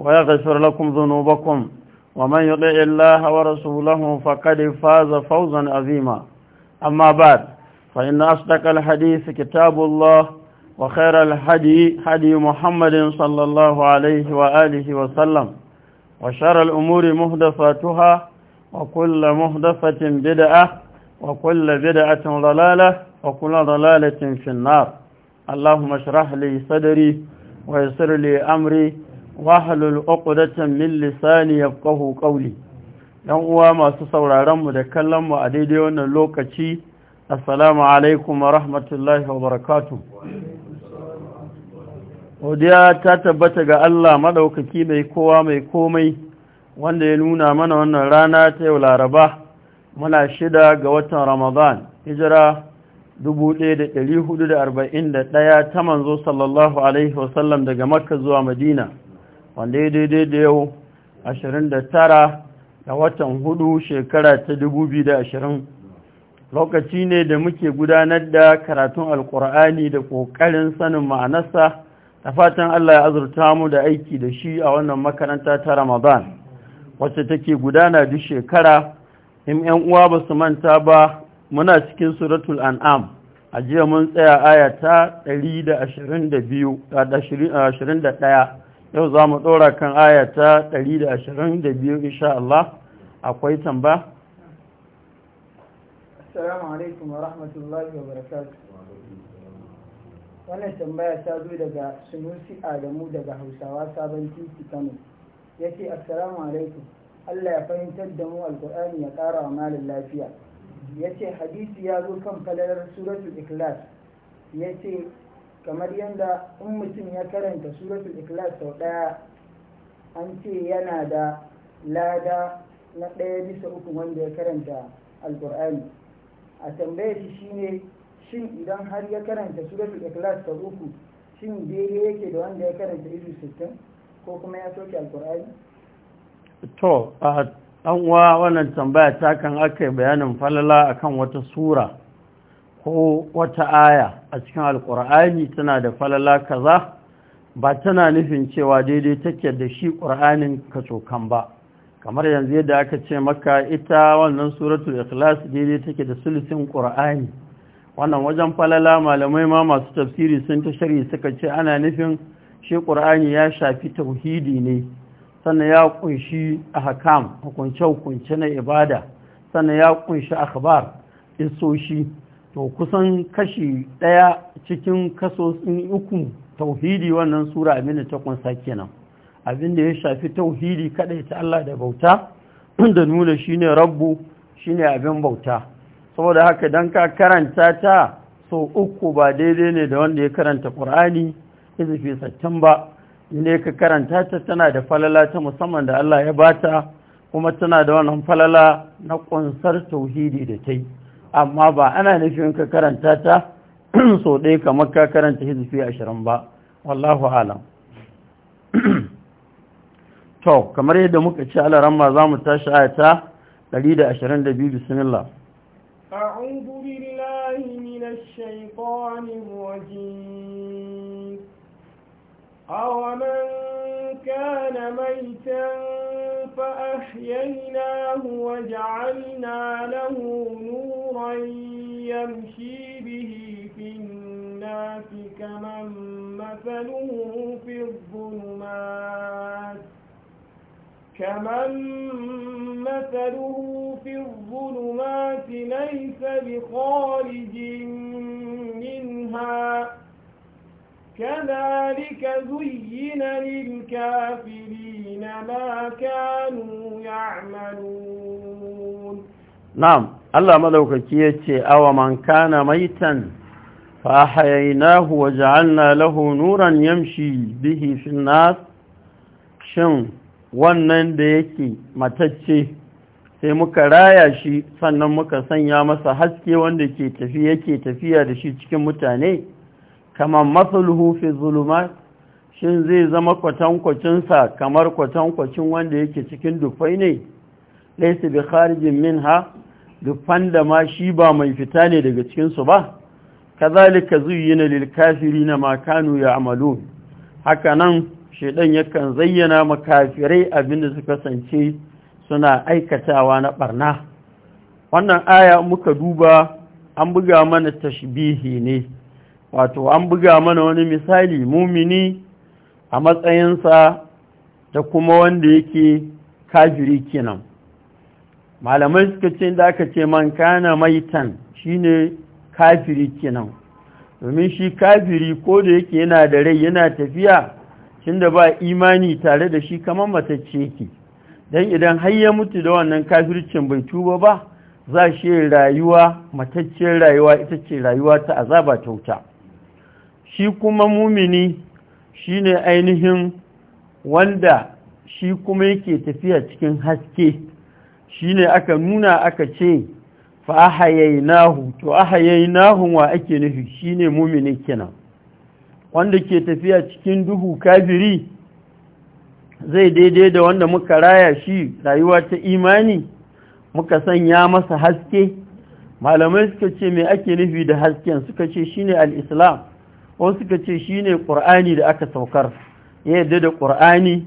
ويغفر لكم ذنوبكم ومن يطع الله ورسوله فقد فاز فوزا عظيما أما بعد فإن أصدق الحديث كتاب الله وخير الحدي حدي محمد صلى الله عليه وآله وسلم وشر الأمور مهدفاتها وكل مهدفة بدعة وكل بدعة ضلالة وكل ضلالة في النار اللهم اشرح لي صدري ويسر لي أمري wahalul uqdatan min lisani yafqahu qawli dan uwa masu sauraron mu da kallon mu a daidai wannan lokaci assalamu alaikum wa rahmatullahi wa barakatuh odiya ta tabbata ga Allah madaukaki mai kowa mai komai wanda ya nuna mana wannan rana ta yau Laraba muna shida ga watan Ramadan hijira 1441 ta manzo sallallahu alaihi wasallam daga Makka zuwa Madina wanda ya daidai da yau 29 da watan hudu shekara ta 2020 lokaci ne da muke gudanar da karatun alkur'ani da ƙoƙarin sanin ma'anarsa da fatan Allah ya azurta mu da aiki da shi a wannan makaranta ta ramadan wacce take gudana duk shekara in 'yan uwa ba su manta ba muna cikin suratul an'am a jiya mun tsaya aya ta 121 yau za mu ɗora kan aya ta 122 insha Allah akwai tamba assalamu alaikum wa rahmatullahi wa barakatuh wannan tambaya ta zo daga sunusi adamu daga hausawa sabon titi kano ya ce assalamu alaikum allah ya fahimtar da mu alkur'ani ya ƙara wa malin lafiya ya ce hadisi ya zo kan falalar suratul ikhlas ya ce kamar yadda in mutum ya karanta suratul ikhlas sau ɗaya an ce yana da lada na ɗaya bisa uku wanda ya karanta alkur'ani a tambaye shi shine shin idan har ya karanta suratul ikhlas sau uku shin daidai yake da wanda ya karanta izu sittin ko kuma ya soke alkur'ani to a wa wannan tambaya ta kan aka bayanin falala akan wata sura ko wata aya a cikin alkur'ani tana da falala kaza ba tana nufin cewa daidai take da shi ƙur'anin kacokan ba kamar yanzu yadda aka ce maka ita wannan suratul ikhlas daidai take da sulusin ƙur'ani wannan wajen falala malamai ma masu tafsiri sun ta shari'i suka ce ana nufin shi ƙur'ani ya shafi tauhidi ne sannan ya kunshi ahkam hukunce-hukunce na ibada sannan ya kunshi akhbar isoshi to kusan kashi ɗaya cikin kaso uku tauhidi wannan sura da ta kunsa kenan da ya shafi tauhidi kadai ta Allah da bauta da nuna shine rabbu shine abin bauta saboda haka dan ka karanta ta so uku ba daidai ne da wanda ya karanta Qur'ani izifi sattan ba ne ka karanta ta tana da falala ta musamman da Allah ya bata kuma tana da wannan falala na kunsar tauhidi da ta amma ba ana nufin ka karanta ta sau ɗaya kamar ka karanta hizfi ashirin ba wallahu alam to kamar yadda muka ci ma za mu tashi ayata 122 bismillah أعوذ بالله من الشيطان الرجيم أومن كان ميتاً فأحييناه وجعلنا له نورا يمشي به في الناس كمن مثله في الظلمات كمن مثله في الظلمات ليس بخارج منها كذلك زين للكافرين ما كانوا يعملون نعم الله ملوك كيتي أو من كان ميتا فأحييناه وجعلنا له نورا يمشي به في الناس شن wannan da yake matacce sai muka raya shi sannan muka sanya masa haske wanda ke tafi yake tafiya da shi cikin mutane kama matsaluhu fi zulumat shin zai zama kwatankwacinsa kamar kwatankwacin wanda yake cikin dufai ne laisa bi kharijin minha dufan da ma shi ba mai fita ne daga cikinsu ba kazalika zuyyina lil kafirina ma kanu ya'malun hakanan shedan yakan zayyana makafirai abinda su kasance suna aikatawa na barna wannan aya muka duba an buga mana tashbihi ne wato an buga mana wani misali mumini a matsayinsa da kuma wanda yake kafiri kenan malamai suka ce da aka ce man kana maitan shine kafiri kenan domin shi kafiri ko da yake yana da rai yana tafiya tunda ba imani tare da shi kamar matacce yake dan idan har ya mutu da wannan kafircin bai tuba ba za shi rayuwa matacciyar rayuwa ita ce rayuwa ta azaba ta wuta shi kuma mumini shi ne ainihin wanda shi kuma yake tafiya cikin haske shi ne aka nuna aka ce fa ahayai nahu to ahayayi nahu wa ake nufi shi ne mumini kenan wanda ke tafiya cikin duhu kabiri zai daidai da wanda muka raya shi rayuwa ta imani muka sanya masa haske malamai suka ce mai ake nufi da hasken suka ce shine al-islam wani suka ce shi ne ƙur'ani da aka saukar ya yadda da ƙur'ani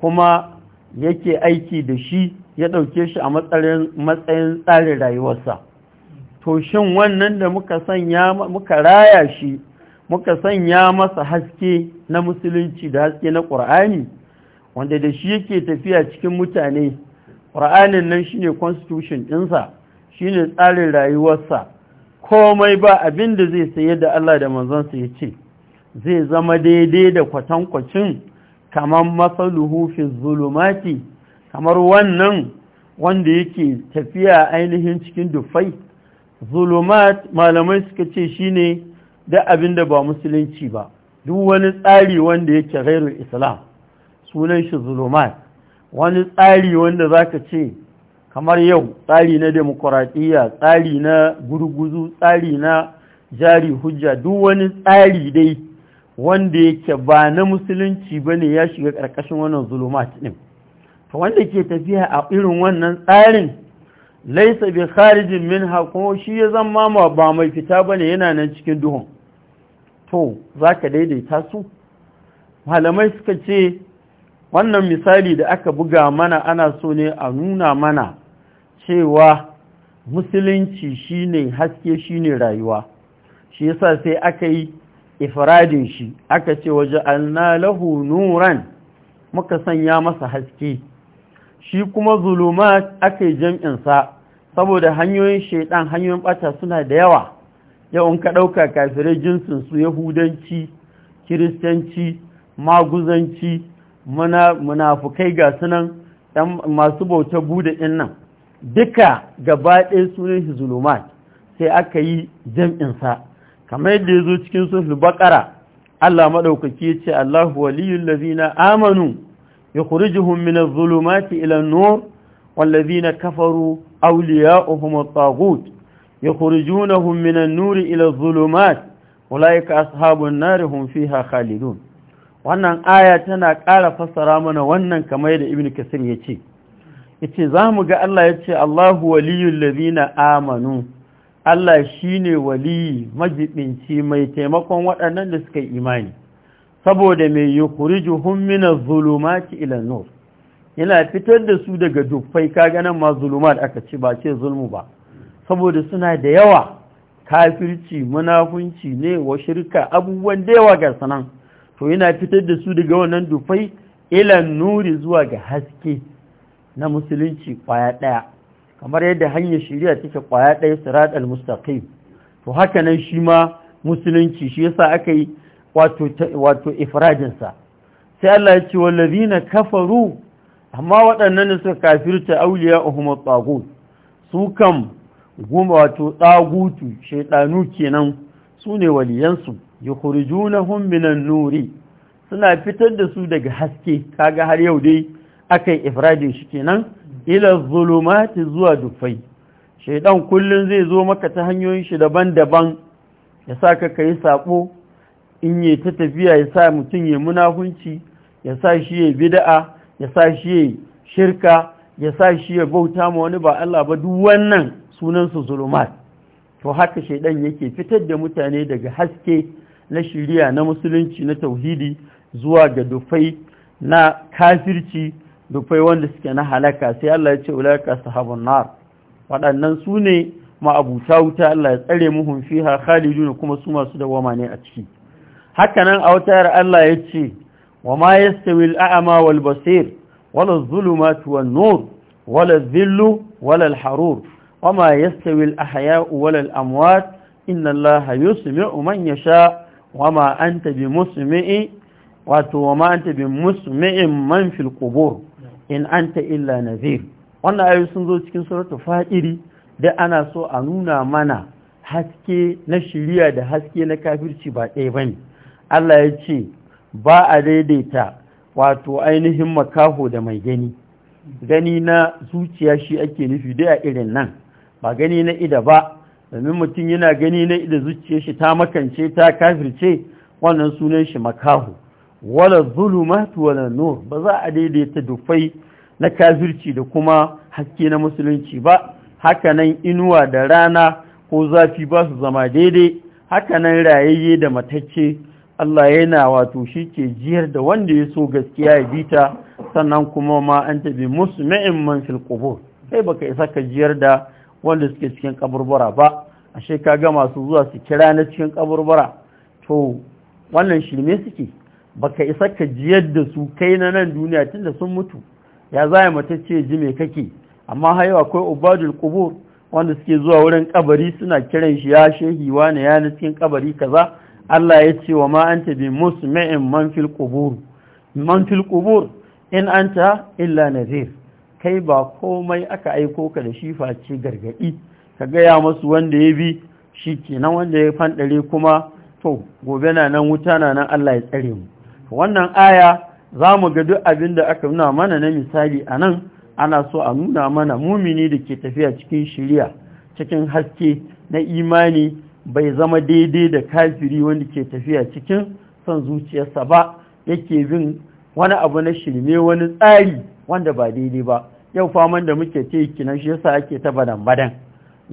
kuma yake aiki da shi ya ɗauke shi a matsayin tsarin rayuwarsa to shin wannan da muka sanya muka raya shi muka sanya masa haske na musulunci da haske na ƙur'ani wanda da shi yake tafiya cikin mutane ƙur'anin nan shi ne constitution ɗinsa ne tsarin rayuwarsa komai ba abin da zai sayar da Allah da manzansa ya ce zai zama daidai da kwatankwacin kamar masaluhu fi zulumati kamar wannan wanda yake tafiya ainihin cikin dufai zulumat malamai suka ce shine da abin da ba musulunci ba duk wani tsari wanda yake ghairul islam sunan shi zulumat wani tsari wanda za ka ce kamar yau tsari na demokuraɗiyya tsari na gurguzu tsari na jari hujja duk wani tsari dai wanda yake ba na musulunci ba ne ya shiga ƙarƙashin wannan zulumat ɗin ta wanda ke tafiya a irin wannan tsarin laisa bi kharijin min hako shi ya zama ma ba mai fita bane yana nan cikin duhun to za ka daidaita su malamai suka ce wannan misali da aka buga mana ana so ne a nuna mana cewa musulunci shine haske shine rayuwa shi yasa sai aka yi ifradin shi aka ce waje anna lahu nuran muka sanya masa haske shi kuma zuluma aka yi jam'insa saboda hanyoyin shaidan hanyoyin bata suna da yawa yawan ka ɗauka kafirai jinsin su yahudanci kiristanci maguzanci munafukai ga sunan masu bauta buɗe nan duka gaba ɗaya sunan shi zulumat sai aka yi jam'insa kamar yadda ya zo cikin sulhu bakara Allah maɗaukaki ya ce Allahu Waliyyun lazina amanu ya kurijuhun min zulumati ila nur na kafaru awliya'uhum at-taghut yukhrijunahum min an-nuri Ilan Zulumat, dhulumat ulaika ashabun nar hum khalidun wannan aya tana ƙara fassara mana wannan kamar da ibnu kasir ya ce yace za mu ga Allah yace Allahu waliyul ladina amanu Allah shine wali majibinci mai taimakon waɗannan da suka imani saboda mai yukhrijuhum minaz zulumati ila nur yana fitar da su daga dufai kaga nan ma zulumat aka ci ba ce zulmu ba saboda suna da yawa kafirci munafunci ne wa shirka abubuwan da yawa ga sanan to yana fitar da su daga wannan dufai ila nuri zuwa ga haske na musulunci kwaya ɗaya kamar yadda hanyar shirya take kwaya ɗaya sirat al-mustaqim to haka nan shi ma musulunci shi yasa aka yi wato wato ifradinsa sai Allah ya ce wallazina kafaru amma waɗannan da suka kafirta auliya uhumut tagut su kam goma wato tagutu shaiɗanu kenan su ne waliyansu yukhrijunahum minan nuri suna fitar da su daga haske kaga har yau dai aka yi ifradin shi kenan ila zulumati zuwa dufai shaidan kullum zai zo maka ta hanyoyin shi daban-daban ya sa ka kai sako in yi ta tafiya ya sa mutum ya munafunci ya sa shi ya bida'a, ya sa shi ya shirka ya sa shi ya bauta ma wani ba Allah ba duk wannan sunansu zulumat to haka shaidan yake fitar da mutane daga haske na shiriya na musulunci na tauhidi zuwa ga dufai na kafirci dufai wanda suke na halaka sai Allah ya ce ulaka sahabun nar waɗannan su ne ma'abuta wuta Allah ya tsare muhun fiha khalidun kuma su masu dawama ne a ciki hakanan a wata yar Allah ya ce wa ma yastawi al'ama wal basir wala zulumatu wan nur wala dhillu wala harur wa ma yastawi al ahya'u wala amwat inna Allaha yusmi'u man yasha wa ma anta bi musmi'i wato wa ma anta bi musmi'in man fil qubur in anta illa nazir wannan ayoyi sun zo cikin suratu fa'iri da ana so a nuna mana haske na shiriya da haske na kafirci ba ɗaya bane Allah ya ce ba a daidaita wato ainihin makaho da mai gani gani na zuciya shi ake nufi da irin nan ba gani na ida ba domin mutum yana gani na ida zuciya shi ta makance ta kafirce wannan sunan shi makaho wala zulumat wala nur ba za a daidaita dufai na kafirci da kuma haske na musulunci ba hakanan inuwa da rana ko zafi ba su zama daidai hakanan rayayye da matacce Allah yana wato shi ke jiyar da wanda ya so gaskiya ya bi ta sannan kuma ma an tabi musmi'in man fil qubur kai baka isa ka jiyar da wanda suke cikin kaburbura ba ashe ka ga masu zuwa su kira na cikin kaburbura to wannan shirme suke baka isa ka jiyar da su kai na nan duniya tunda sun mutu ya a mata ce ji mai kake amma hayo akwai ubadul qubur wanda suke zuwa wurin kabari suna kiran shi ya shehi wani ya na cikin kabari kaza Allah ya ce wa ma anta bi musmi'in man fil qubur man fil qubur in anta illa nazir kai ba komai aka aiko ka da shi face gargadi ka gaya masu wanda ya bi shi kenan wanda ya fanɗare kuma to gobe na nan wuta na nan Allah ya tsare mu wannan aya za mu ga duk abin da aka nuna mana na misali a nan ana so a nuna mana mumini da ke tafiya cikin shirya cikin haske na imani bai zama daidai da kafiri wanda ke tafiya cikin son zuciyarsa ba yake bin wani abu na shirme wani tsari wanda ba daidai ba yau faman da muke ce kinan shi yasa ake ta badan badan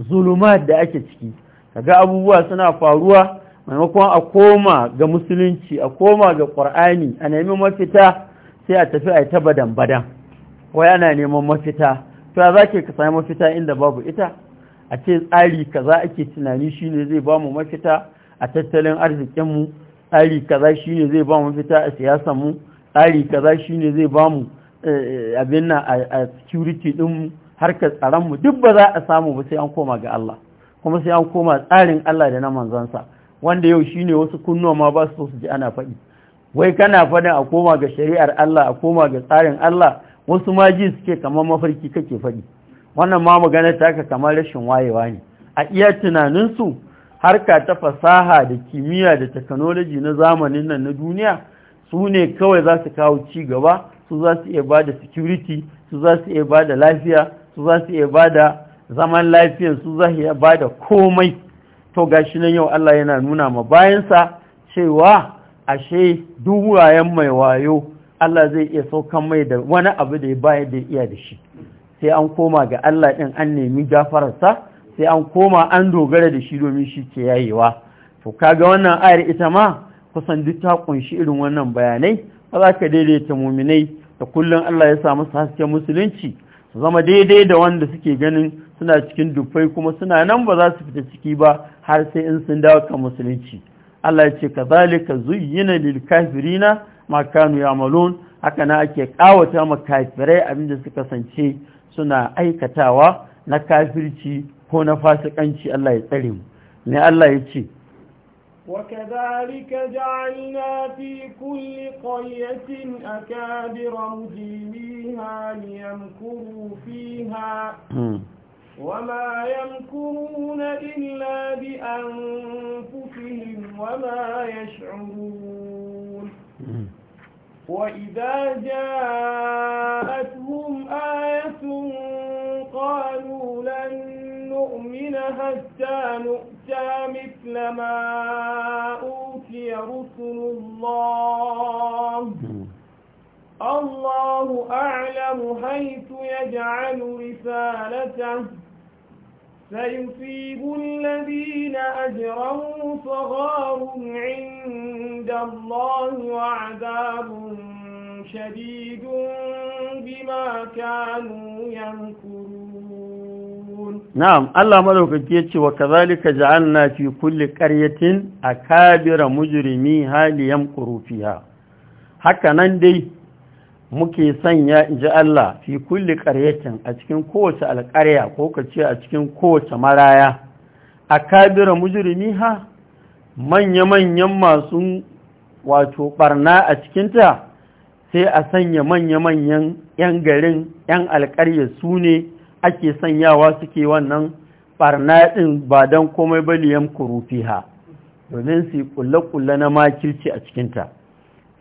zulumat da ake ciki kaga abubuwa suna faruwa maimakon a koma ga musulunci a koma ga ƙwar'ani a nemi mafita sai a tafi a ta badan badan wai ana neman mafita to za ke ka sami mafita inda babu ita a ce tsari kaza ake tunani shine zai ba mu mafita a tattalin arzikinmu tsari kaza shine zai ba mu mafita a siyasanmu tsari kaza shine zai ba mu eh, abin a security din harkar tsaronmu duk ba za a samu ba sai an koma ga Allah kuma sai an koma tsarin Allah da na manzansa wanda yau shi ne wasu kunnuwa ma ba su su ji ana faɗi wai kana faɗin a koma ga shari'ar Allah a koma ga tsarin Allah wasu ma ji suke kamar mafarki kake faɗi wannan ma magana ta ka kamar rashin wayewa ne a iya tunaninsu harka ta fasaha da kimiyya da technology na zamanin nan na duniya su ne kawai za su kawo ci gaba su za su iya ba da security su za su iya ba da lafiya su za su iya ba da zaman lafiya su za su iya ba da komai to gashi nan yau Allah yana nuna ma bayansa cewa ashe duk mai wayo Allah zai iya saukan mai da wani abu da ya bayar da iya da shi sai an koma ga Allah ɗin an nemi gafararsa sai an koma an dogara da shi domin shi ke yayewa to kaga wannan ayar ita ma kusan duk ta kunshi irin wannan bayanai ba za ka daidaita muminai da kullum Allah ya sa musu hasken musulunci su zama daidai da wanda suke ganin suna cikin dufai kuma suna nan ba za su fita ciki ba har sai in sun dawo kan musulunci Allah ya ce zalika zuyyina lil kafirina ma kanu ya'malun haka na ake kawata ma kafirai abinda suka kasance suna aikatawa na kafirci ko na fasikanci Allah ya tsare mu ne Allah ya ce وكذلك جعلنا في كل قرية أكابر مجيبيها ليمكروا فيها وما يمكرون إلا بأنفسهم وما يشعرون وإذا جاءتهم آية قالوا لن نؤمن حتى نؤتى مثل ما أوتي رسل الله الله أعلم حيث يجعل رسالته فيصيب الذين أجروا صغار عند الله وعذاب شديد بما كانوا ينكرون na'am Allah madaukaki yace wa kazalika ja'alna fi kulli qaryatin akabira mujrimi haliyam qurufiha haka nan dai muke sanya inji Allah fi kulli qaryatin a cikin kowace alƙarya ko kace a cikin kowace maraya akabira mujrimi ha manya-manyan masu wato barna a cikinta sai a sanya manya-manyan 'yan garin 'yan alƙarya su ne ake sanyawa suke wannan barna ɗin ba don komai ba liyan kurufiha domin su kulle-kulle na makirci a cikinta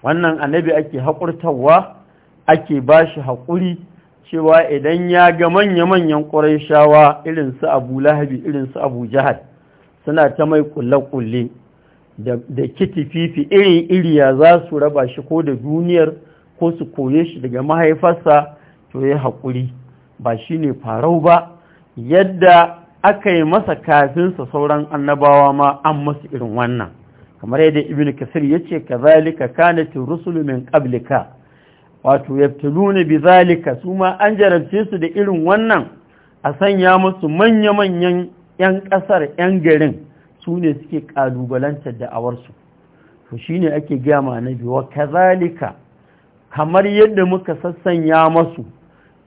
wannan annabi ake haƙurtarwa ake ba shi haƙuri cewa idan ya ga manya-manyan shawa irin su abu lahabi irin su abu jihar suna ta mai kulle-kulle da kitififi irin iri ya za su raba shi ko da duniyar ko su koye shi daga mahaifarsa to ya haƙuri ba shi ne farau ba yadda aka yi masa kafinsa sauran annabawa ma an masu irin wannan kamar yadda ibn kasir ya ce ka zalika kanati rusulu min ƙablika wato yabtuluna bi zalika su ma an jarabce su da irin wannan a sanya musu manya-manyan 'yan ƙasar 'yan garin su ne suke ƙalubalantar da'awarsu to shi ne ake gama na biyu ka kazalika kamar yadda muka sassanya masu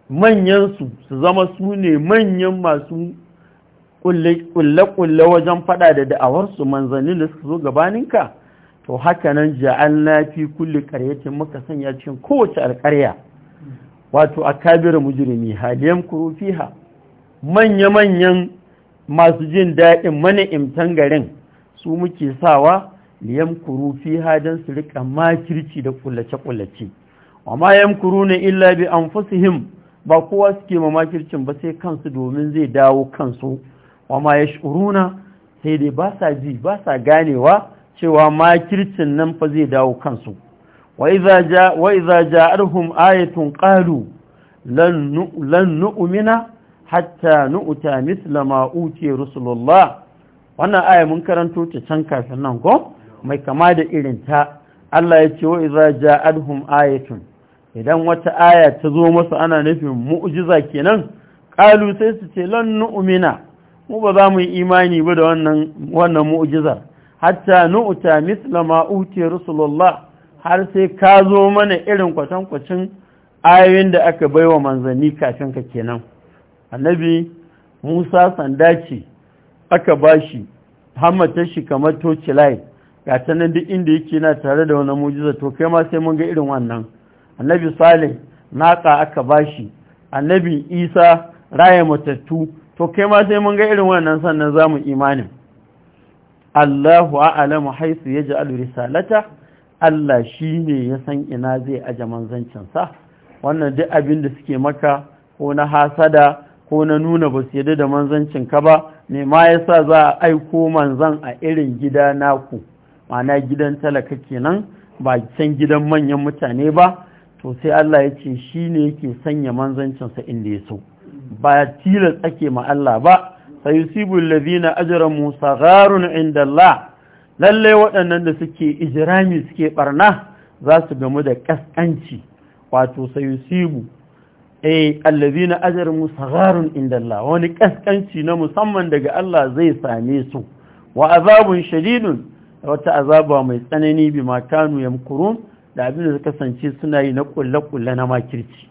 manyansu su zama su ne manyan masu kulle-kulle wajen fada da da'awarsu manzannin da su zo gabaninka to haka nan na fi kulle karyacin muka sanya cikin kowace alƙarya wato a mujrimi haliyam kuru fiha manya-manyan masu jin daɗin mana'imtan garin su muke sawa liyam kuru fiha don su rika makirci da kullace-kullace wa ma ne illa bi fasihim ba kowa suke mamakircin ba sai kansu domin zai dawo kansu wama ya shuruna sai dai ba sa ji ba sa ganewa cewa makircin nan fa zai dawo kansu wa iza arhum ayatun qalu lan nu'mina hatta nu'ta mithla ma utiya rasulullah wannan aya mun karanto ta can kafin nan go mai kama da irin ta Allah ya ce wa iza arhum ayatun idan wata aya ta zo masu ana nufin mu'jiza kenan kalu sai su ce lan nu'mina mu ba za mu yi imani ba da wannan wannan mu'jiza hatta nu'ta misla ma uti rasulullah har sai ka zo mana irin kwatankwacin ayoyin da aka baiwa manzanni kafin ka kenan annabi Musa sanda ce aka bashi hammatar shi kamar tocilai ga ta nan duk inda yake na tare da wani mu'jiza to kai ma sai mun ga irin wannan annabi salih naƙa aka ba bashi annabi isa raya matattu to kai ma sai mun ga irin wannan sannan za mu imanin Allahu haisu ya ji risalata Allah shi ne ya san ina zai aje manzancinsa. wannan duk abin da suke maka ko na hasada ko na nuna ba su yadda da manzancin ka ba me ma sa za a aiko manzan a irin gida naku ma'ana gidan talaka kenan ba can gidan manyan mutane ba to sai Allah ya ce shi ne yake sanya manzancinsa inda ya so ba tilas ake ma Allah ba sai yusibu allazina ajramu sagharun inda Allah lalle waɗannan da suke ijrami suke barna za su gamu da kaskanci wato sai yusibu eh allazina ajramu sagharun inda Allah wani kaskanci na musamman daga Allah zai same su wa azabun shadidun wata azaba mai tsanani bi makanu yamkurun da abin da kasance suna yi na kulle-kulle na makirci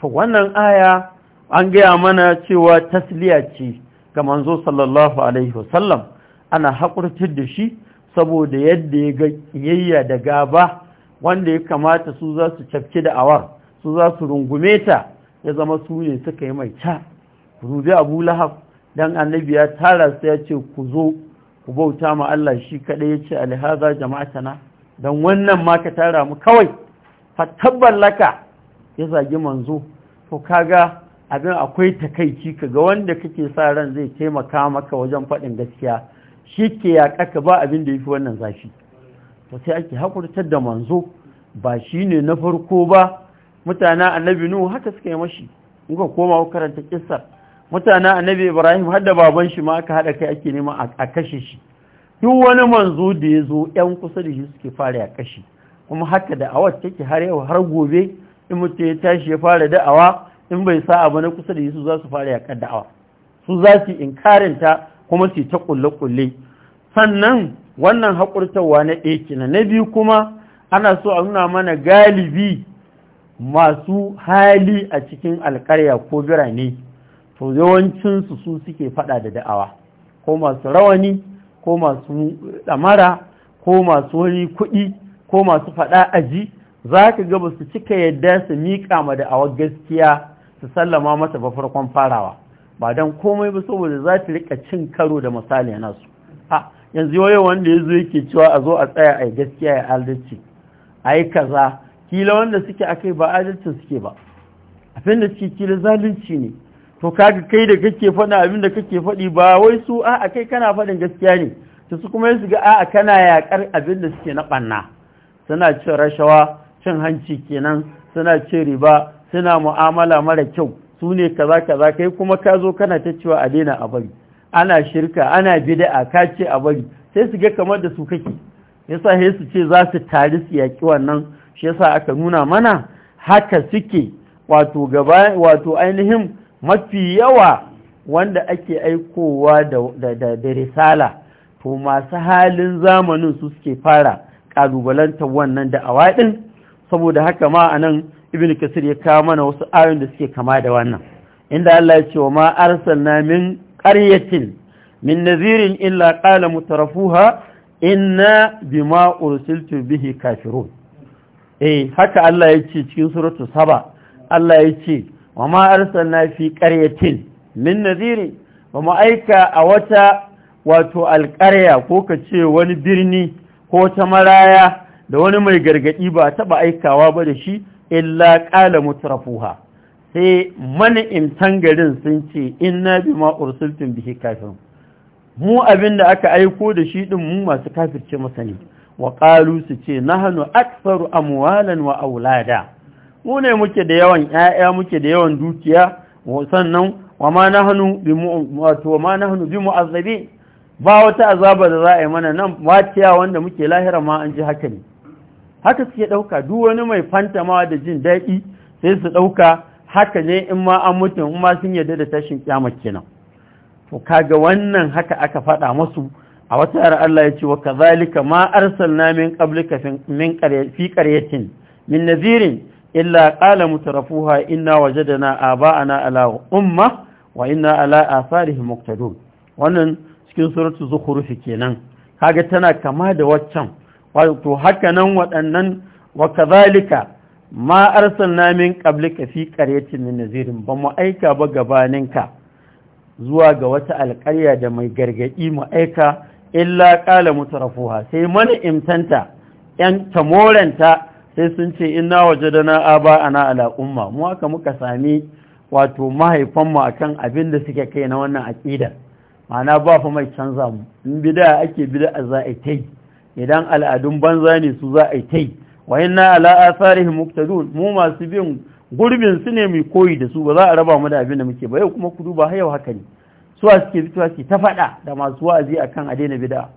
to wannan aya an gaya mana cewa tasliya ce ga manzo sallallahu alaihi wasallam ana haƙurtar da shi saboda yadda ya ga kiyayya da gaba wanda ya kamata su za su cafke da awar su za su rungume ta ya zama su ne suka yi mai ca rubi abu lahab dan annabi ya tara sai ya ce ku zo ku bauta ma Allah shi kaɗai ya ce alhaza jama'atana don wannan ma ka tara mu kawai fattabar laka ya zagi manzo to kaga abin akwai takaici ka ga wanda kake sa ran zai taimaka maka wajen faɗin gaskiya shi ke yaƙa ka ba abin da ya fi wannan zafi to sai ake haƙurtar da manzo ba shi ne na farko ba mutanen annabi nuhu haka suka yi mashi in ka koma karanta Mutana mutanen annabi ibrahim har baban shi ma aka haɗa kai ake nema a kashe shi duk wani manzo da ya zo ‘yan kusa da shi suke fara ya kashi kuma haka awa take har yau har gobe in mutum ya tashi ya fara da'awa in bai sa abu na kusa da shi su za su fara yaƙar da'awa su za su inkarinta kuma su ta kulle-kulle sannan wannan haƙurtarwa na ɗaya kina na biyu kuma ana so a nuna mana galibi masu hali a cikin alƙarya ko birane to yawancinsu su suke faɗa da da'awa ko masu rawani ko masu ɗamara ko masu wani kuɗi ko masu faɗa aji za ka ga ba su cika yadda su miƙa ma da awar gaskiya su sallama mata ba farkon farawa ba don komai ba saboda za ta rika cin karo da misali na su. a yanzu yau wanda ya zo yake cewa a zo a tsaya a gaskiya ya adalci a yi kaza kila wanda suke akai ba adalcin suke ba abin da suke kila zalunci ne to kaga kai da kake faɗa abin da kake faɗi ba wai su a a kai kana faɗin gaskiya ne to su kuma su ga a kana yaƙar abin da suke na ɓanna suna cin rashawa cin hanci kenan suna cin riba suna mu'amala mara kyau su ne kaza kaza kai kuma ka zo kana ta cewa a daina a bari ana shirka ana bid'a ka ce a bari sai su ga kamar da su kake yasa sai su ce za su tari su yaƙi wannan shi yasa aka nuna mana haka suke wato gaba wato ainihin mafi yawa wanda ake aikowa da risala to masu halin zamanin su suke fara ƙalubalantar wannan da ɗin saboda haka ma a nan ibn kasir ya kawo mana wasu ayoyin da suke kama da wannan inda Allah ya ce wa ma arsalna min qaryatin min nazirin illa qala mutarafuha inna bima ursiltu bihi kafirun eh haka Allah ya ce cikin suratul saba Allah ya ce wa ma arsalna fi qaryatin min nadhiri wa ma aika a wata wato al'qarya ko kace wani birni ko ta maraya da wani mai gargadi ba taba aikawa ba da shi illa qala mutrafuha sai mani'imtan garin sun ce inna bima ursiltum bihi kafirun mu abin da aka aiko da shi din mu masu kafirce masani wa qalu su ce nahnu aktharu amwalan wa aulada mu ne muke da yawan ƴaƴa muke da yawan dukiya sannan wa ma na hannu bi mu'azzabin ba wata azaba da za a yi mana nan waciya wanda muke lahira ma an ji haka ne haka suke ɗauka duk wani mai fantama da jin daɗi sai su ɗauka haka ne in ma an mutu in ma sun yarda da tashin kyama kenan to kaga wannan haka aka faɗa musu a wata 'yar Allah ya ce wa kazalika ma arsalna min qablika min qaryatin min nazirin illa qala mutarafuha inna wajadna aba'ana ala umma wa inna ala atharihim muqtadun wannan cikin suratul zukhruf kenan kaga tana kama da waccan wato haka nan waɗannan wa ma arsalna min qablika fi qaryatin min nazirin ba mu aika ba gabaninka zuwa ga wata alƙarya da mai gargadi mu aika illa qala mutarafuha sai mana imtanta yan tamoranta sai sun ce in na waje da na aba ana na umma mu haka muka sami wato mahaifanmu akan abin da suke kai na wannan aƙida ma'ana ba fa mai canza mu in bid'a ake bid'a za a tai idan al'adun banza ne su za a tai wa inna ala atharihim muqtadun mu masu bin gurbin su ne mai koyi da su ba za a raba mu da abin da muke ba yau kuma ku duba har yau haka ne su a suke fitowa su ta faɗa da masu wa'azi akan a daina bid'a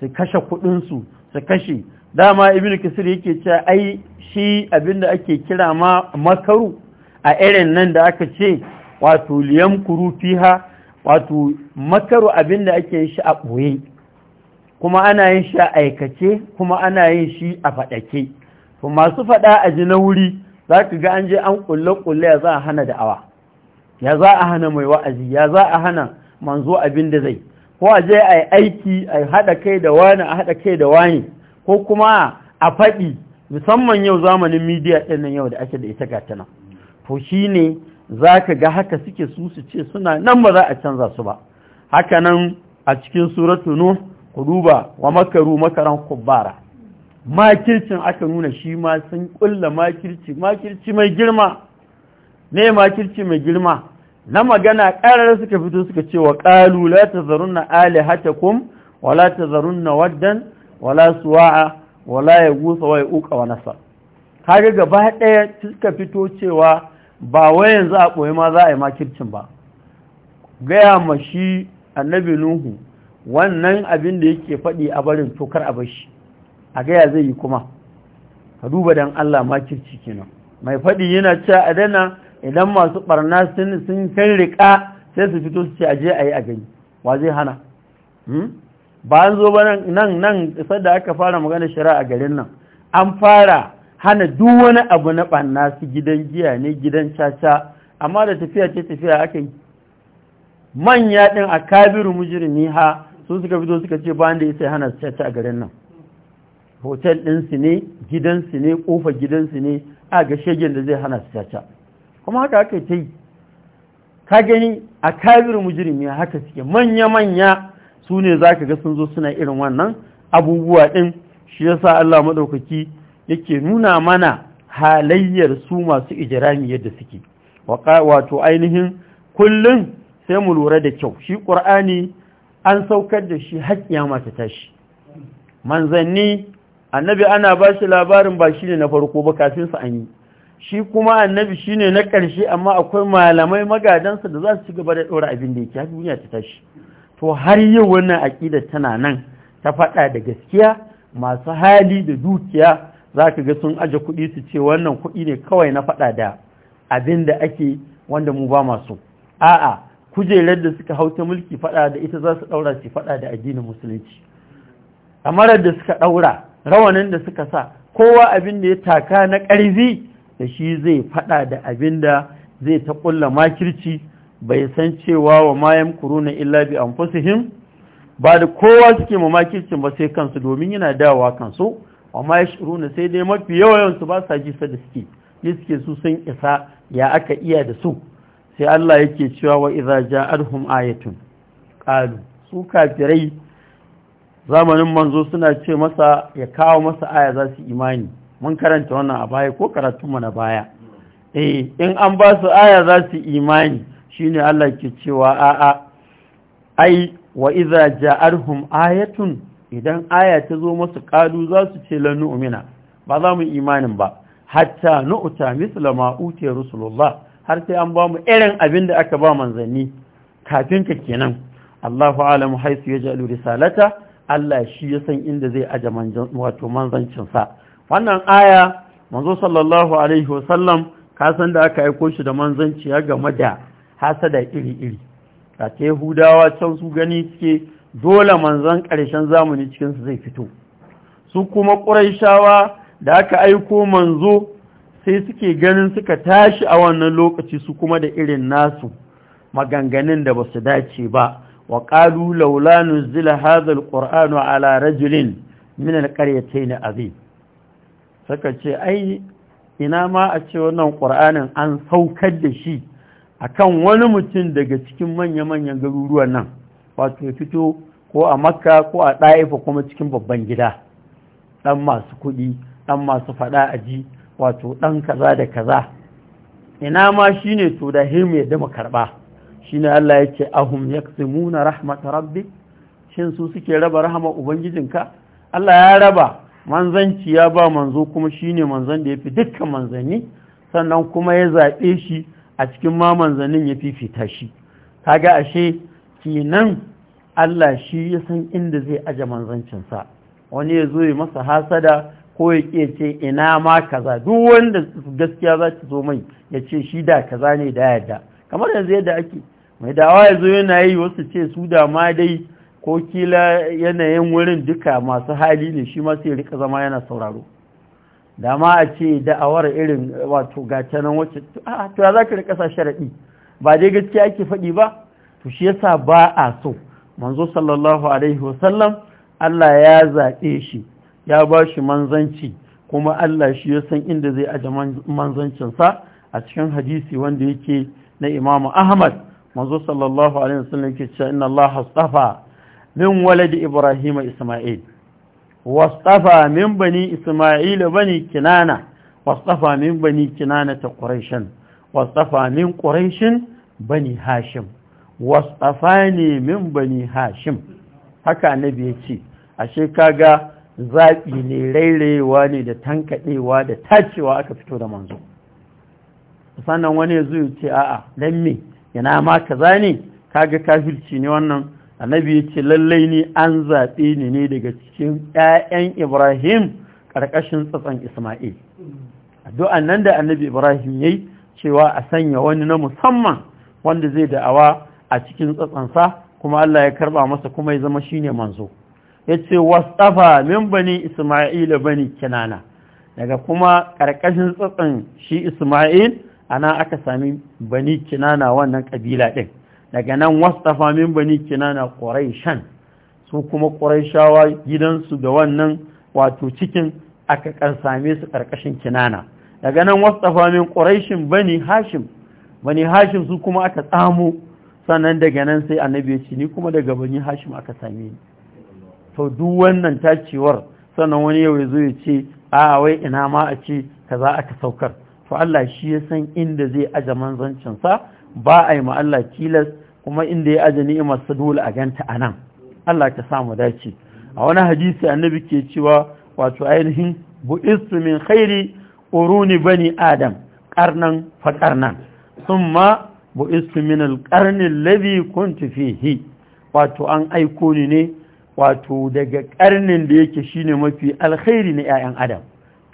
su kashe kuɗinsu su kashe dama ibn kasir yake cewa ai shi abinda ake kira ma makaru a irin nan da aka ce wato liyan kuru fiha wato makaru abinda ake yin shi a boye kuma ana yin shi a aikace kuma ana yin shi a faɗake to masu faɗa a ji na wuri za ka ga an je an kulle-kulle ya za a hana da'awa ya za a hana mai wa'azi ya za a hana manzo abinda zai ko a je a yi aiki a haɗa kai da wani a haɗa kai da wani ko kuma a faɗi musamman yau zamanin midiya ɗin yau da ake da ita gata to shi ne za ka ga haka suke su su ce suna nan ba za a canza su ba haka nan a cikin suratu nu ku duba wa makaru makaran kubbara makircin aka nuna shi ma sun kulla makirci makirci mai girma ne makirci mai girma na magana ƙarar suka fito suka ce wa ƙalu la tazarunna alihatakum wa la tazarunna waddan wala suwa'a wala ya gusa wa ya uka wa nasa kage gaba ɗaya suka fito cewa ba wai yanzu a koyi ma za a yi makircin ba gaya ma shi annabi nuhu wannan abin da yake faɗi a barin tokar a bashi a gaya zai yi kuma ka duba don Allah makirci kenan mai faɗi yana cewa a dana idan masu ɓarna sun sun riƙa sai su fito su ce aje ayi a gani wa zai hana hmm? ba an zo ba nan nan da aka fara magana shari'a a garin nan an fara hana duk wani abu na ɓanna su gidan giya ne gidan caca amma da tafiya ce tafiya aka yi manya din a kabiru mujirmi ha su suka fito suka ce ba da ya hana caca a garin nan hotel ɗinsu ne gidansu ne ƙofa gidansu ne a ga shegen da zai hana su caca kuma haka aka ta yi ka gani a kabiru mujirmi haka suke manya-manya su ne za ka ga sun zo suna irin wannan abubuwa ɗin shi yasa Allah maɗaukaki yake nuna mana halayyar su masu ijirami yadda suke wato ainihin kullum sai mu lura da kyau shi ƙur'ani an saukar da shi haƙƙiya masu tashi manzanni annabi ana ba shi labarin ba shi ne na farko ba kafin su an yi shi kuma annabi shi ne na ƙarshe amma akwai malamai magadansa da za su ci gaba da ɗora abin da yake duniya ta tashi to har yau wannan aƙida tana nan ta faɗa da gaskiya masu hali da dukiya za ka ga sun aje kuɗi su ce wannan kuɗi ne kawai na faɗa da abin da ake wanda mu ba masu a'a kujerar da suka hau ta mulki faɗa da ita za su ɗaura su faɗa da addinin musulunci kamarar da suka ɗaura rawanin da suka sa kowa abin da ya taka na ƙarfi da shi zai faɗa da abin da zai ta ƙulla makirci bai san cewa wa mayan kuruna illa bi anfusihim ba da kowa suke mamakircin ba sai kansu domin yana dawa kansu amma ya shiruna sai dai mafi yawansu ba sa jisa da suke yi suke su sun isa ya aka iya da su sai Allah yake cewa wa idza ja'alhum ayatun qalu su kafirai zamanin manzo suna ce masa ya kawo masa aya za su imani mun karanta wannan a baya ko karatun mu na baya eh in an ba su aya za su imani shine Allah ke cewa a'a ai wa iza ja'arhum ayatun idan aya ta zo masu ƙalu za su ce lanu umina ba za mu imanin ba hatta nu'ta misla ma utiya rasulullah har sai an ba mu irin abin da aka ba manzanni kafin ka kenan Allahu a'lam haisu yaj'alu risalata Allah shi ya san inda zai aje manzan wato manzancin sa wannan aya manzo sallallahu alaihi wasallam ka san da aka aiko shi da manzanci ya game da hasada iri-iri a ce hudawa can su gani suke dole manzan ƙarshen zamani cikinsu zai fito su kuma ƙuraishawa da aka aiko manzo sai suke ganin suka tashi a wannan lokaci su kuma da irin nasu maganganun da ba su dace ba wa ƙalu laulanu zila hazal ƙor'anu ala rajulin min alƙaryatai na abin suka ce ai ina ma a ce wannan ƙur'anin an saukar da shi akan wani mutum daga cikin manya-manyan garuruwan nan wato ya fito ko a makka ko a ɗaifa kuma cikin babban gida ɗan masu kuɗi ɗan masu faɗa a ji wato ɗan kaza da kaza ina ma shi ne to da hirme ya dama karɓa shi ne Allah ya ce ahum ya muna rahmata rabbi shin su suke raba rahama ubangijinka Allah ya raba manzanci ya ba manzo kuma shi ne manzan da ya fi dukkan manzanni sannan kuma ya zaɓe shi a cikin ma manzannin ya fifita shi kaga ashe kenan Allah shi ya san inda zai aje manzancinsa wani ya zo ya masa hasada ko ya ke ce ina ma kaza duk wanda gaskiya za ta zo mai ya ce shi da kaza ne da yadda kamar yanzu yadda ake mai dawa ya zo yana yi wasu ce su da ma dai ko kila yanayin wurin duka masu hali ne shi ma sai rika zama yana sauraro da ma a ce da'awar irin wato gata nan wacce to ya za ka rika sa sharaɗi ba dai gaskiya ake faɗi ba to shi yasa ba a so manzo sallallahu alaihi wasallam Allah ya zaɓe shi ya ba shi manzanci kuma Allah shi ya san inda zai aje manzancinsa a cikin hadisi wanda yake na Imam Ahmad manzo sallallahu alaihi wasallam yake cewa inna Allah astafa min waladi Ibrahim Isma'il wastafa min bani isma'ila bani kinana wastafa min bani kinana ta quraishan wastafa min quraishin bani hashim wasafani min bani hashim haka na ya ce ashe kaga zaɓi ne rairayewa ne da tankaɗewa da tacewa aka fito da manzo sannan wani ya zo a'a don me yana ma kaza ne kaga kafirci ne wannan annabi ya ce lallai ni an zaɓe ni ne daga cikin 'ya'yan ibrahim ƙarƙashin tsatson isma'il Addu'an nan da annabi ibrahim ya cewa a sanya wani na musamman wanda zai da'awa a cikin tsatsonsa kuma allah ya karɓa masa kuma ya zama shine manzo ya ce wasafa min bani isma'il bani kinana daga kuma ƙarƙashin tsatson shi isma'il ana aka sami bani kinana wannan ƙabila ɗin daga nan wastafa min bani kinana quraishan su kuma quraishawa gidansu da wannan wato cikin aka karsame su karkashin kinana daga nan wastafa min quraishin bani hashim bani hashim su kuma aka tsamo sannan daga nan sai annabi ya ce ni kuma daga bani hashim aka same ni to duk wannan tacewar sannan wani yau ya zo ya ce a wai ina ma a ce kaza aka saukar to Allah shi ya san inda zai aje manzancinsa ba a yi ma Allah tilas kuma inda ya aje ni'imar sa dole a ganta a nan Allah ka samu dace a wani hadisi annabi ke cewa wato ainihin bu'istu min khairi uruni bani adam karnan fa karnan thumma bu'istu min alqarni alladhi kuntu fihi wato an aiko ni ne wato daga karnin da yake shine mafi alkhairi na 'ya'yan adam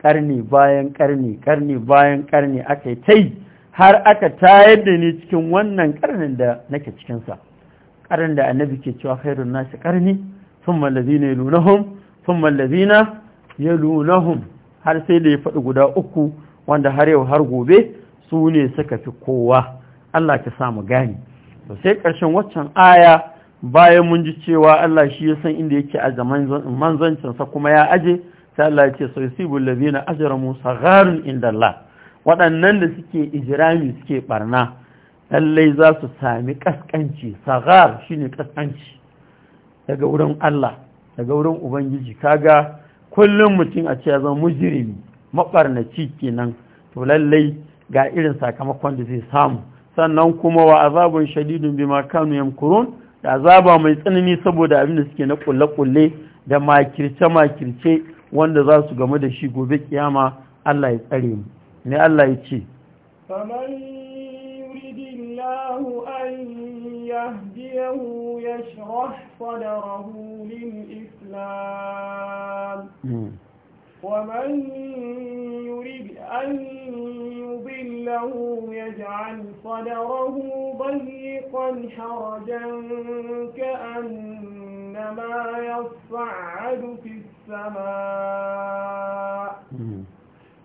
karni bayan karni karni bayan karni akai yi har aka tayar da ni cikin wannan karnin da nake cikinsa karnin da annabi ke cewa khairun nasi karni sun mallazina ya lunahun sun mallazina ya lunahun har sai da ya faɗi guda uku wanda har yau har gobe su ne suka fi kowa Allah ka samu gani to sai ƙarshen waccan aya bayan mun ji cewa Allah shi ya san inda yake a zaman manzancinsa kuma ya aje sai Allah ya ce sai sibul ladina ajramu sagharun inda Allah waɗannan da suke ijirami suke ɓarna, lallai za su sami ƙasƙanci sagar ne ƙasƙanci, daga wurin Allah daga wurin ubangiji kaga kullum mutum a ce ya zama mujirimi ke kenan to lallai ga irin sakamakon da zai samu sannan kuma wa azabun shadidun bima kanu yamkurun da azaba mai tsanani saboda abin da suke na kulle-kulle da makirce-makirce wanda za su game da shi gobe kiyama Allah ya tsare mu ne Allah ya ce faman yuridillahu an yahdiyahu ya sadrahu rahulin islam ومن يريد أن يضله يجعل صدره ضيقا حرجا كأنما يصعد في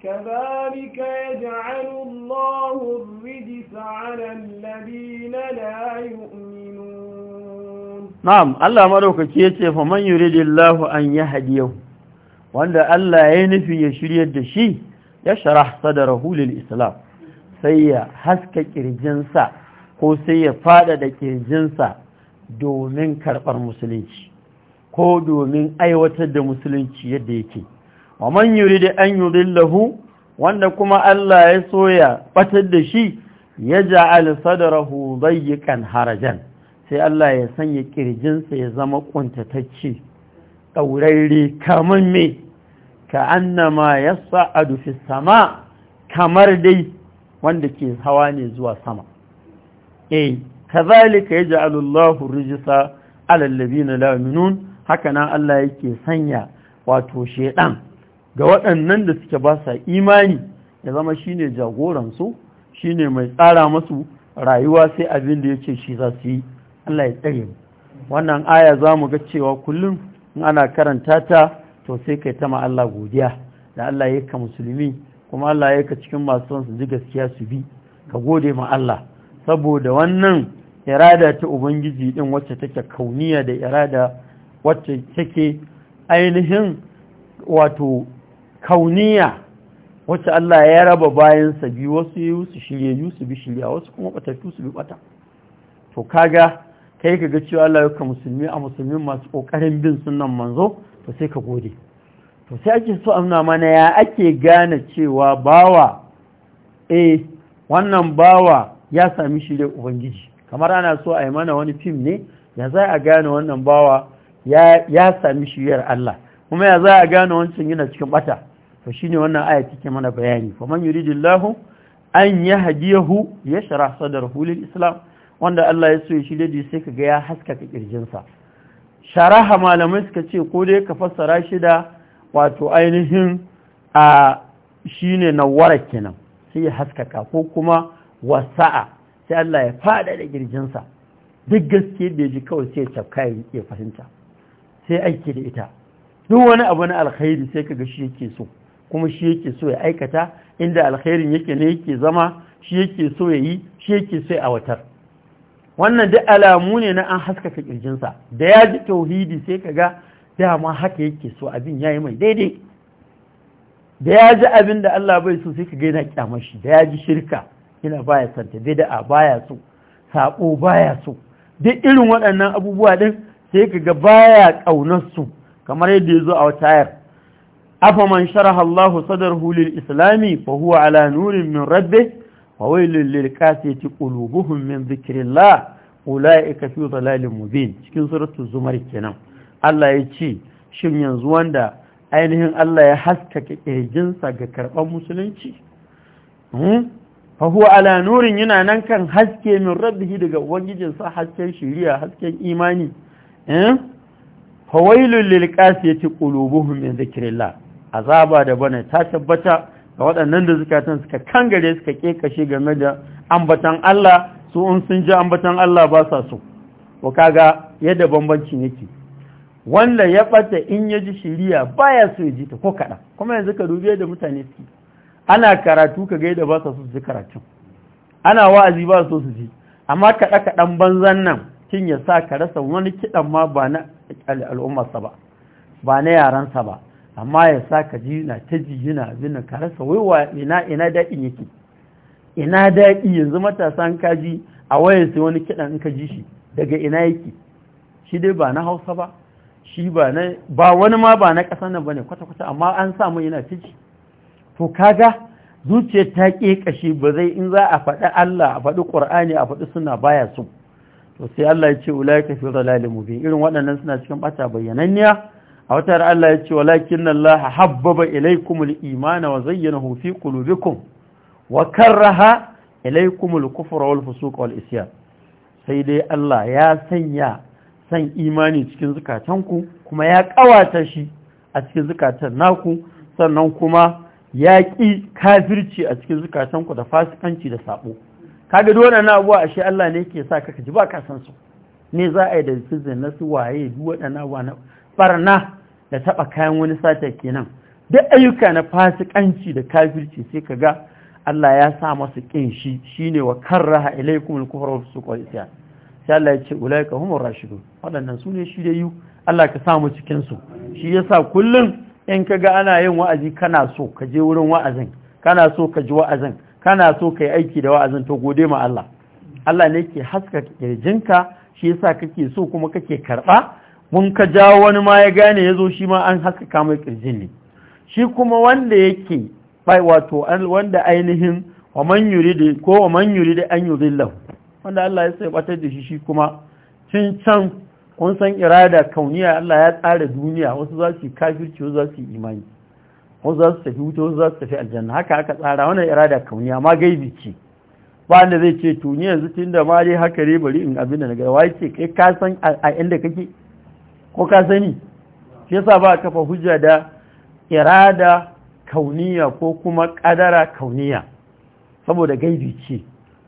كذلك يجعل الله الرجس على الذين لا يؤمنون نعم الله مروكك يتي فمن يريد الله أن yahu." wanda Allah ya nufi ya shirya da shi ya sharah sadarahu lil islam sai ya haska ƙirjinsa ko sai ya fada da kirjinsa domin karɓar musulunci ko domin aiwatar da musulunci yadda yake wa man da an yudillahu wanda kuma Allah ya soya ya batar da shi ya ja'al sadrahu dayyikan harajan sai Allah ya sanya kirjinsa ya zama kuntatacce daurare kaman me ka annama yas'adu dufi sama kamar dai wanda ke hawa ne zuwa sama eh kazalika yaj'alu Allahu rijsa 'ala alladhina na yu'minun haka nan Allah yake sanya wato shedan ga waɗannan da suke ba sa imani ya zama shi ne jagoransu shi ne mai tsara masu rayuwa sai abin da ya ce shi za su yi Allah ya tsare mu wannan aya za mu ga cewa kullum in ana karanta ta to sai kai ta ma Allah godiya da Allah ya ka musulmi kuma Allah ya ka cikin masu son su ji gaskiya su bi ka gode ma Allah saboda wannan irada ta ubangiji din wacce take kauniya da irada wacce take ainihin wato kauniya wacce Allah ya raba bayansa biyu wasu yi su shirye su bi shirya wasu kuma batattu su bi bata to kaga kai ka ga cewa Allah ya musulmi a musulmin masu kokarin bin sunan manzo to sai ka gode to sai ake so amna mana ya ake gane cewa bawa eh wannan bawa ya sami shirye ubangiji kamar ana so a yi mana wani fim ne ya za a gane wannan bawa ya sami shiryar Allah kuma ya za a gane wancan yana cikin bata to shine wannan aya take mana bayani fa man yuridillahu an yahdiyahu yashrah sadrahu lil islam wanda Allah ya so ya shirye da sai kaga ya haskaka kirjinsa sharaha malamai suka ce ko dai ka fassara shi da wato ainihin a shine nawara kenan sai ya haskaka ko kuma wasa'a sai Allah ya fada da kirjinsa duk gaske bai ji kawai sai tafka ya fahimta sai aiki da ita duk wani abu na alkhairi sai kaga shi yake so kuma shi yake so ya aikata inda alkhairin yake ne yake zama shi yake so ya yi shi yake so a watar wannan duk alamu ne na an haskaka kirjinsa da ya ji tauhidi sai ka ga dama haka yake so abin ya yi mai daidai da ya ji abin da Allah bai so sai ka ga yana kyamar shi da ya ji shirka yana baya santa bid'a baya so sabo baya so duk irin waɗannan abubuwa din sai ka ga baya ƙaunar su kamar yadda ya zo a wata ayar afa man sharaha Allahu sadrahu lil islami fa huwa ala nurin min rabbih wa wailul lil qasiyati qulubuhum min dhikrillah ulaika fi dhalalin mubin cikin suratul zumar kenan Allah ya ce shin yanzu wanda ainihin Allah ya haskaka kirjinsa ga karban musulunci fa huwa ala nurin yana nan kan haske min rabbihi daga ubangijinsa hasken shiriya hasken imani eh fawailul lil qasiyati qulubuhum min dhikrillah azaba da bane ta tabbata ga waɗannan da zukatan suka kangare suka kekashe game da ambatan Allah su in sun ji ambatan Allah ba sa so ko kaga yadda bambancin yake wanda ya bata in ya ji shiriya baya so ya ji ta ko kaɗan kuma yanzu ka dubi yadda mutane su. ana karatu ka ga yadda ba sa so su ji karatun ana wa'azi ba so su ji amma kaɗa kaɗan banzan nan cin ya sa ka rasa wani kiɗan ma ba na al'ummarsa ba ba na yaransa ba amma ya sa ka ji na ta ji yana abin ka rasa waiwa ina ina daɗin yake ina daɗi yanzu matasan kaji a wayan sai wani kiɗan in ka ji shi daga ina yake shi dai ba na hausa ba shi ba na ba wani ma ba na ƙasar nan bane kwata-kwata amma an sa samu yana ta ji to kaga zuciyar ta ƙeƙashe ba zai in za a faɗi Allah a faɗi ƙur'ani a faɗi suna baya so to sai Allah ya ce ulaika fi dhalalin mubin irin waɗannan suna cikin bata bayyananniya a wata Allah ya ce walakin Allah habbaba ilaikumul imana wa zayyanahu fi qulubikum wa karaha ilaikumul kufra wal fusuq wal isyan sai dai Allah ya sanya san imani cikin zukatanku kuma ya kawata shi a cikin zukatan naku sannan kuma ya ki kafirci a cikin zukatanku da fasikanci da sabo kaga duk wannan abuwa ashe Allah ne yake sa ka ji ba ka san su ne za a yi da zizin su waye duk abuwa barna da taɓa kayan wani sata kenan duk ayyuka na fasikanci da kafirci sai ka ga Allah ya sa masu ƙin shi shine wa karraha ilaikum al-kufra wa fusuq wal isyan sai Allah ya ce ulaika humur rashidun waɗannan sune yu Allah ka sa mu cikin su shi yasa kullum in ka ga ana yin wa'azi kana so ka je wurin wa'azin kana so ka ji wa'azin kana so ka aiki da wa'azin to gode ma Allah Allah ne yake haska kirjinka shi yasa kake so kuma kake karɓa mun ka jawo wani ma ya gane ya zo shi ma an haka kama ƙirjin ne shi kuma wanda yake bai wato wanda ainihin wa man da ko wa man da an yudillahu wanda Allah ya sai batar da shi shi kuma cin can kun san irada kauniya Allah ya tsara duniya wasu za su yi kafirci wasu za su yi imani wasu za su tafi wuta wasu za su tafi aljanna haka aka tsara wannan irada kauniya ma gaibi ce ba wanda zai ce to ni yanzu da ma dai haka ne bari in abin da na ga ya ce kai ka san a inda kake ko ka sani shi yasa ba kafa hujja da irada kauniya ko kuma kadara kauniya saboda gaibi ce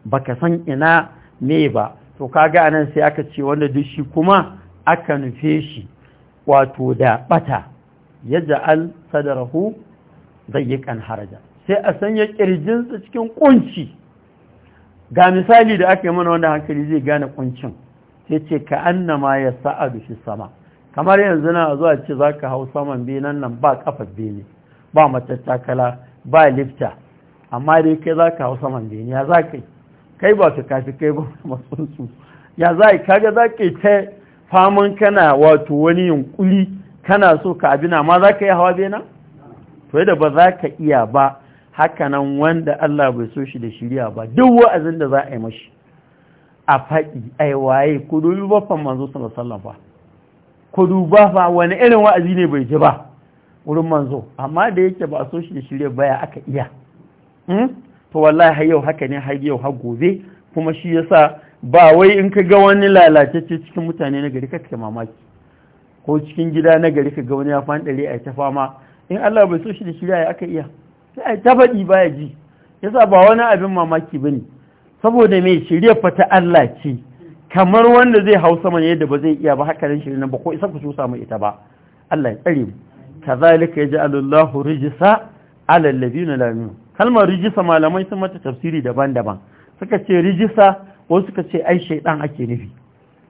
baka san ina ne ba to kaga anan sai aka ce wanda duk shi kuma aka nufe shi wato da bata yaj'al sadrahu kan haraja sai a sanya kirjinsa cikin kunci ga misali da aka yi mana wanda hankali zai gane kuncin sai ce ka annama ya sa'adu fi sama kamar yanzu na zuwa ce za ka hau saman benin nan ba kafar bene ba matattakala ba lifta amma dai kai za ka hau saman bene ya za ka yi kai ba su kafi kai ba ya za ka ga za ka yi ta faman kana wato wani yunkuri kana so ka abina ma za ka yi hawa bena to da ba za ka iya ba hakanan wanda Allah bai so shi da shirya ba duk wa'azin da za a yi mashi a faɗi a waye ku dubi baffan manzo sallallahu alaihi wasallam Kudu duba fa wani irin wa'azi ne bai ji ba wurin manzo amma da yake ba so shi shirye baya aka iya hmm? to wallahi har yau haka ne har yau har gobe kuma shi yasa ba wai in ka ga wani ce cikin mutane na gari ka mamaki ko cikin gida na gari ka ga wani ya dare a ta fama in Allah bai so shi da shirya aka iya sai ta faɗi baya ji yasa ba wani abin mamaki bane saboda mai shirya ta Allah ce kamar wanda zai hau sama yadda ba zai iya ba haka nan shirin nan ba ko isa ku su samu ita ba Allah ya tsare mu kazalika yaj'alullahu rijsa 'ala alladhina la yu'minun kalmar rijsa malamai sun mata tafsiri daban-daban suka ce rijsa wasu suka ce ai shaydan ake nufi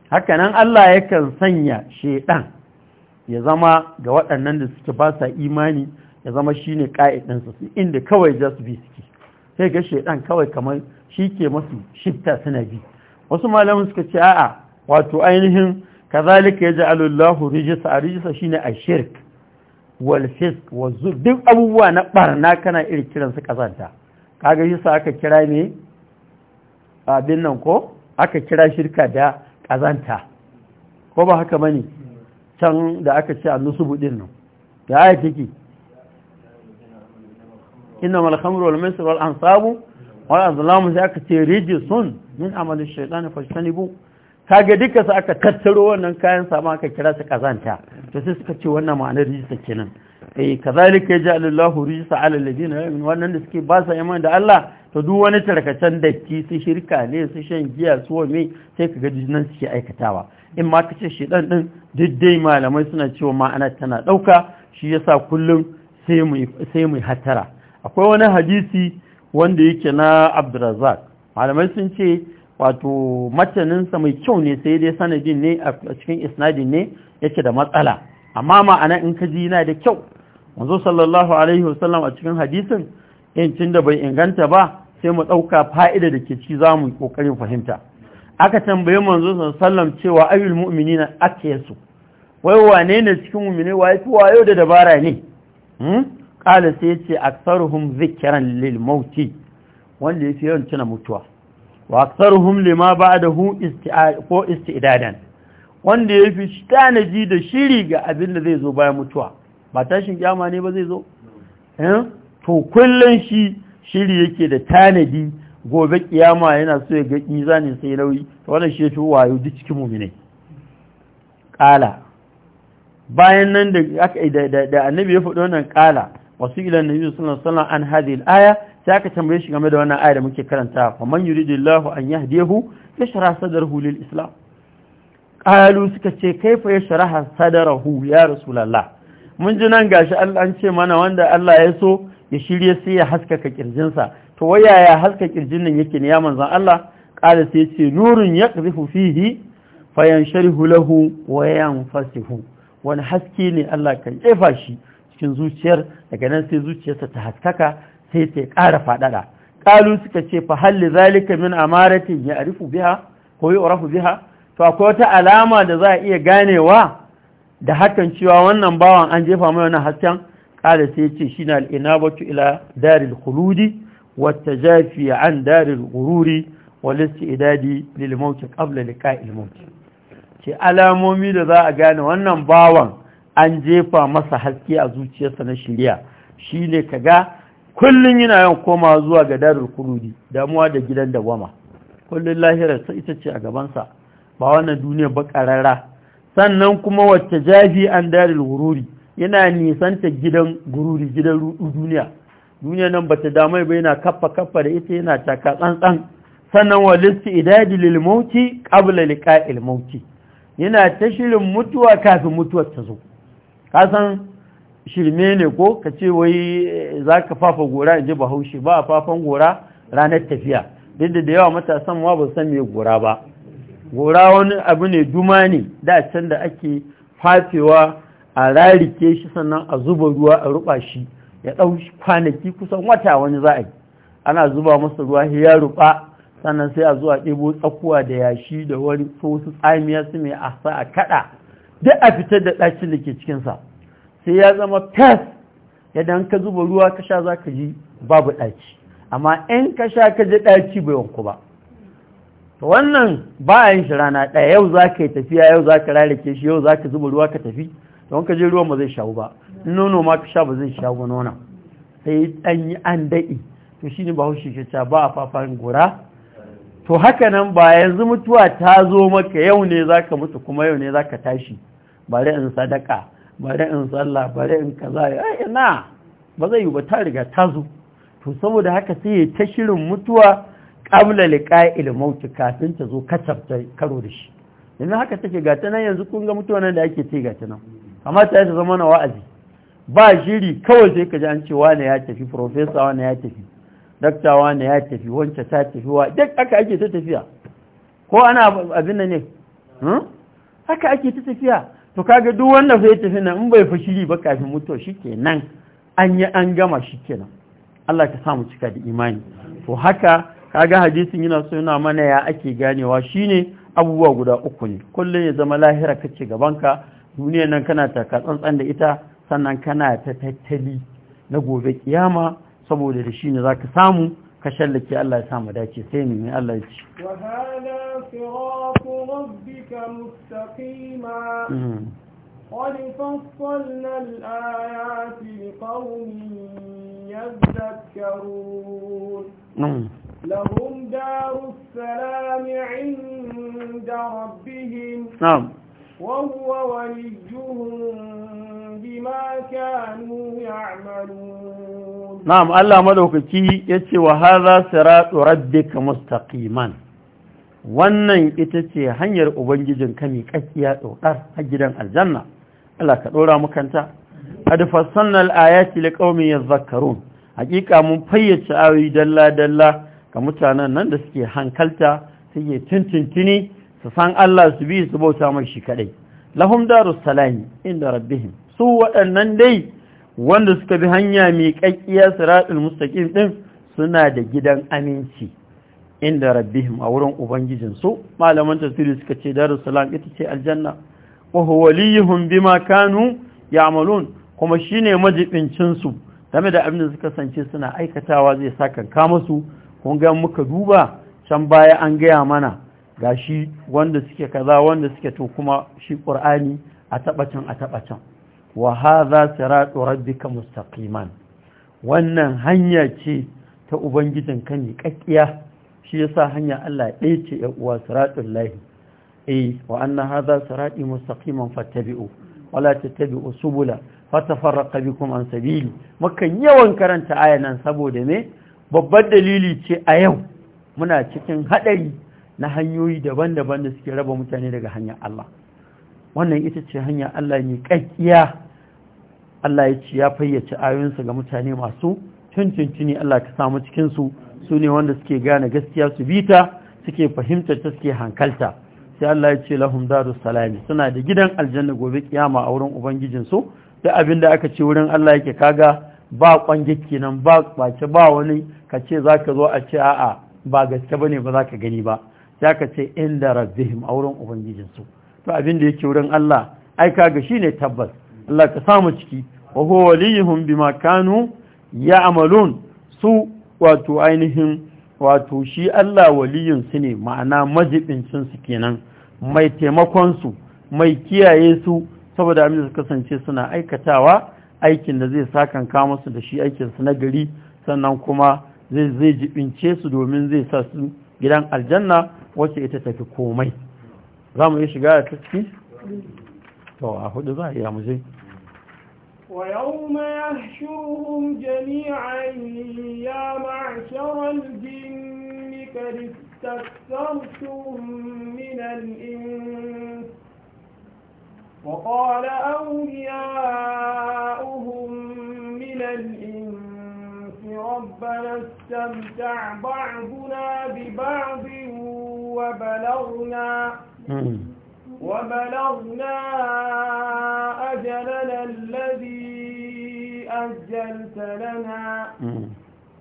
haka nan Allah yakan sanya shaydan ya zama ga waɗannan da suke ba sa imani ya zama shine ka'idansu su inda kawai za su bi suke sai ga shaydan kawai kamar shi ke masu shifta suna bi wasu malamin suka ce a'a wato ainihin kazalika ya yaj'alu Allahu shi ne shine shirk. wal fisk wa duk abubuwa na barna kana iri kiran su kazanta kaga sa aka kira ne abin nan ko aka kira shirka da kazanta ko ba haka bane can da aka ce nusubu din nan da aya take innamal khamru wal maisir wal ansabu wal azlamu sai aka ce rijsun min amalin shaitan fajtanibu kage duka su aka tattaro wannan kayan sama aka kira su kazanta to sai suka ce wannan ma'anar rijista kenan eh kazalika ji rijsa 'ala alladhina yu'minu wannan da suke ba sa iman da Allah to duk wani tarkacen datti su shirka ne su shan giya su wame sai kaga nan suke aikatawa in ma kace shedan din diddai malamai suna cewa ma'ana tana dauka shi yasa kullum sai mu sai mu hattara akwai wani hadisi wanda yake na Abdurrazzaq malamai sun ce wato mataninsa mai kyau ne sai dai sanadin ne a cikin isnadin ne yake da matsala amma ma'ana in ka ji yana da kyau Wanzu sallallahu alaihi wasallam a cikin hadisin yancin da bai inganta ba sai mu ɗauka fa'ida da ke ci za mu ƙoƙarin fahimta aka tambaye manzo sallam cewa ayyul na ake su wai wane ne cikin mu'mini waye fi wayo da dabara ne ƙala hmm? sai ce aksaruhum zikiran lil wanda ya fi yawan tuna mutuwa wa aktsaruhum lima ba'dahu ko isti'dadan wanda yafi tanaji da shiri ga abin da zai zo bayan mutuwa ba tashin kiyama ne ba zai zo eh to kullun shi shiri yake da tanadi gobe kiyama yana so ya ga kizani sai nauyi to wannan shi yafi wayo duk cikin mu'mini qala bayan nan da aka da annabi ya faɗi wannan qala wasu ilan nabi sallallahu alaihi wasallam an hadhihi al-aya sai aka tambaye shi game da wannan aya da muke karanta fa man yuridillahu an yahdihu yashrah sadrahu lil islam qalu suka ce kai fa kaifa yashrah sadrahu ya rasulullah mun ji nan gashi Allah an ce mana wanda Allah ya so ya shirye sai ya haskaka kirjinsa to waya ya haska kirjin nan yake ne ya manzon Allah qala sai ce nurun yaqrifu fihi fayansharihu lahu wa yanfasihu wani haske ne Allah kan kefa shi cikin zuciyar daga nan sai zuciyarsa ta haskaka sai sai ƙara faɗaɗa ƙalu suka ce fa halli zalika min amaratin ya arifu biha ko yi urafu biha to akwai wata alama da za a iya ganewa da hakan cewa wannan bawan an jefa mai wani hasken ƙara sai ce shi na al'inabatu ila daril huludi wata jafi an daril gururi walisti idadi lilmauci ƙabla liƙa ilmauti ce alamomi da za a gane wannan bawan an jefa masa haske a zuciyarsa na shirya shi ne ka ga kullum yana yin koma zuwa ga darul kurudi damuwa da gidan da Gwama. kullum lahirar sai ita ce a gabansa ba wannan duniya ba sannan kuma wacce jafi an darul gururi yana nisanta gidan gururi gidan rudu duniya duniya nan bata damai ba yana kaffa kaffa da ita yana taka tsantsan sannan wa idadi lil mauti qabla liqa'il mauti yana ta shirin mutuwa kafin mutuwar ta zo kasan shirme ne ko ka ce wai eh, za ka fafa gora in ji bahaushe ba a fafan gora ranar tafiya duk da yawa matasan ma ba san me gora ba gora wani abu ne duma ne da can da ake fafewa a rarike shi sannan a zuba ruwa a ruba shi ya dau kwanaki kusan wata wani za a yi ana zuba masa ruwa ya ruba sannan sai a zuwa ɗebo tsakuwa da yashi da wani tsamiya su mai asa a kaɗa duk a fitar da ɗacin da ke cikin sa sai ya zama fes yadda an ka zuba ruwa ka sha za ka ji babu ɗaci amma in ka sha ka ji ɗaci bai wanku ba wannan ba a yin shi rana ɗaya yau za ka yi tafiya yau za ka rarrake shi yau za ka zuba ruwa ka tafi don ka je ruwan ba zai shawo ba nono ma ka sha ba zai shawo nona sai ɗan yi an daɗi to shi ne ba haushi ke ca ba a fafan gora to haka nan ba yanzu mutuwa ta zo maka yau ne za ka mutu kuma yau ne za ka tashi rai in sadaka bari in tsalla bari in kaza ya ina ba zai yi ba ta riga ta zo to saboda haka sai ya ta shirin mutuwa ƙabla liqa'il mauti kafin ta zo kacabta karo da shi yanzu haka take ga ta nan yanzu kun ga mutuwa nan da ake ce ga ta nan kamata ta zama na wa'azi ba shiri kawai sai ka ji an ce wane ya tafi profesa wane ya tafi dakta wane ya tafi wancan ta tafi wa duk aka ake ta tafiya ko ana abin nan ne hmm? haka ake ta tafiya to kaga duk wanda zai tafi nan in bai fashiri ba kafin mutuwa shikenan an yi an gama shikenan Allah ka samu cika da imani to haka kaga hadisin yana so yana mana ya ake ganewa shine abubuwa guda uku ne kullum ya zama lahira kace ka, duniya nan kana taka tsantsan da ita sannan kana ta tattali na gobe kiyama saboda da shi ne ka samu ka shallake Allah ya sa mu dace sai mu mai Allah ya ce wa hada siratu rabbika mustaqima mm. qad mm. daru وهو وليهم بما كانوا يعملون نعم الله مدوكي يتي وهذا سراط ربك مستقيما wannan ita ce hanyar ubangijin kami kakkiya ɗaukar a gidan aljanna Allah ka ɗora mukanta adfasannal ayati liqaumi yadhakkarun hakika mun fayyace ayoyi dalla dalla ga mutanen nan da suke hankalta suke tintintini su san Allah su bi su bauta mashi shi kadai lahum darus salami inda rabbihim su waɗannan dai wanda suka bi hanya mai kakkiya siratul mustaqim din suna da gidan aminci inda rabbihim a wurin ubangijin su malaman tafsiri suka ce darus salam ita ce aljanna wa huwa waliyuhum bima kanu ya'malun kuma shine majibincin su game da abin da suka sance suna aikatawa zai sa musu kun ga muka duba can baya an gaya mana Ga shi wanda suke kaza wanda suke to kuma shi ƙur'ani a tabacin a tabacin wa hadha siratu rabbika mustaqiman wannan hanya ce ta ubangijin ka ne kakkiya shi yasa hanya Allah ɗaya ce ya uwa siratul lahi eh wa anna hadha sirati mustaqiman fattabi'u wala tattabi'u subula fatafarraqa bikum an sabili makan yawan karanta ayanan saboda me babbar dalili ce a yau muna cikin haɗari. na hanyoyi daban-daban da suke raba mutane daga hanyar Allah wannan ita ce hanyar Allah ne kakkiya Allah ya ci ya fayyace ayoyinsa ga mutane masu cincincini Allah ka samu cikinsu su ne wanda suke gane gaskiya su bi ta suke fahimtar ta suke hankalta sai Allah ya ce lahum daru salami suna da gidan aljanna gobe kiyama a wurin ubangijinsu su duk abin da aka ce wurin Allah yake kaga ba kwange kenan ba kwace ba wani ka ce zaka zo a ce a'a ba gaske ne ba ka gani ba ya ka ce inda rabbihim a wurin ubangijinsu to abin da yake wurin Allah ai ga shine tabbas Allah ka samu ciki wa huwa waliyuhum bima kanu ya'malun su wato ainihin wato shi Allah waliyun su ne ma'ana majibincin su kenan mai taimakon su mai kiyaye su saboda abin da su kasance suna aikatawa aikin da zai sakan ka musu da shi aikin su na gari sannan kuma zai zai jibince su domin zai sa su gidan aljanna wacce ita tafi komai za mu yi shiga da tafi? to a hudu za a iya mu zai ويوم يحشرهم جميعا يا معشر الجن قد استكثرتم من الإنس ربنا استمتع بعضنا ببعض وبلغنا وبلغنا أجلنا الذي أجلت لنا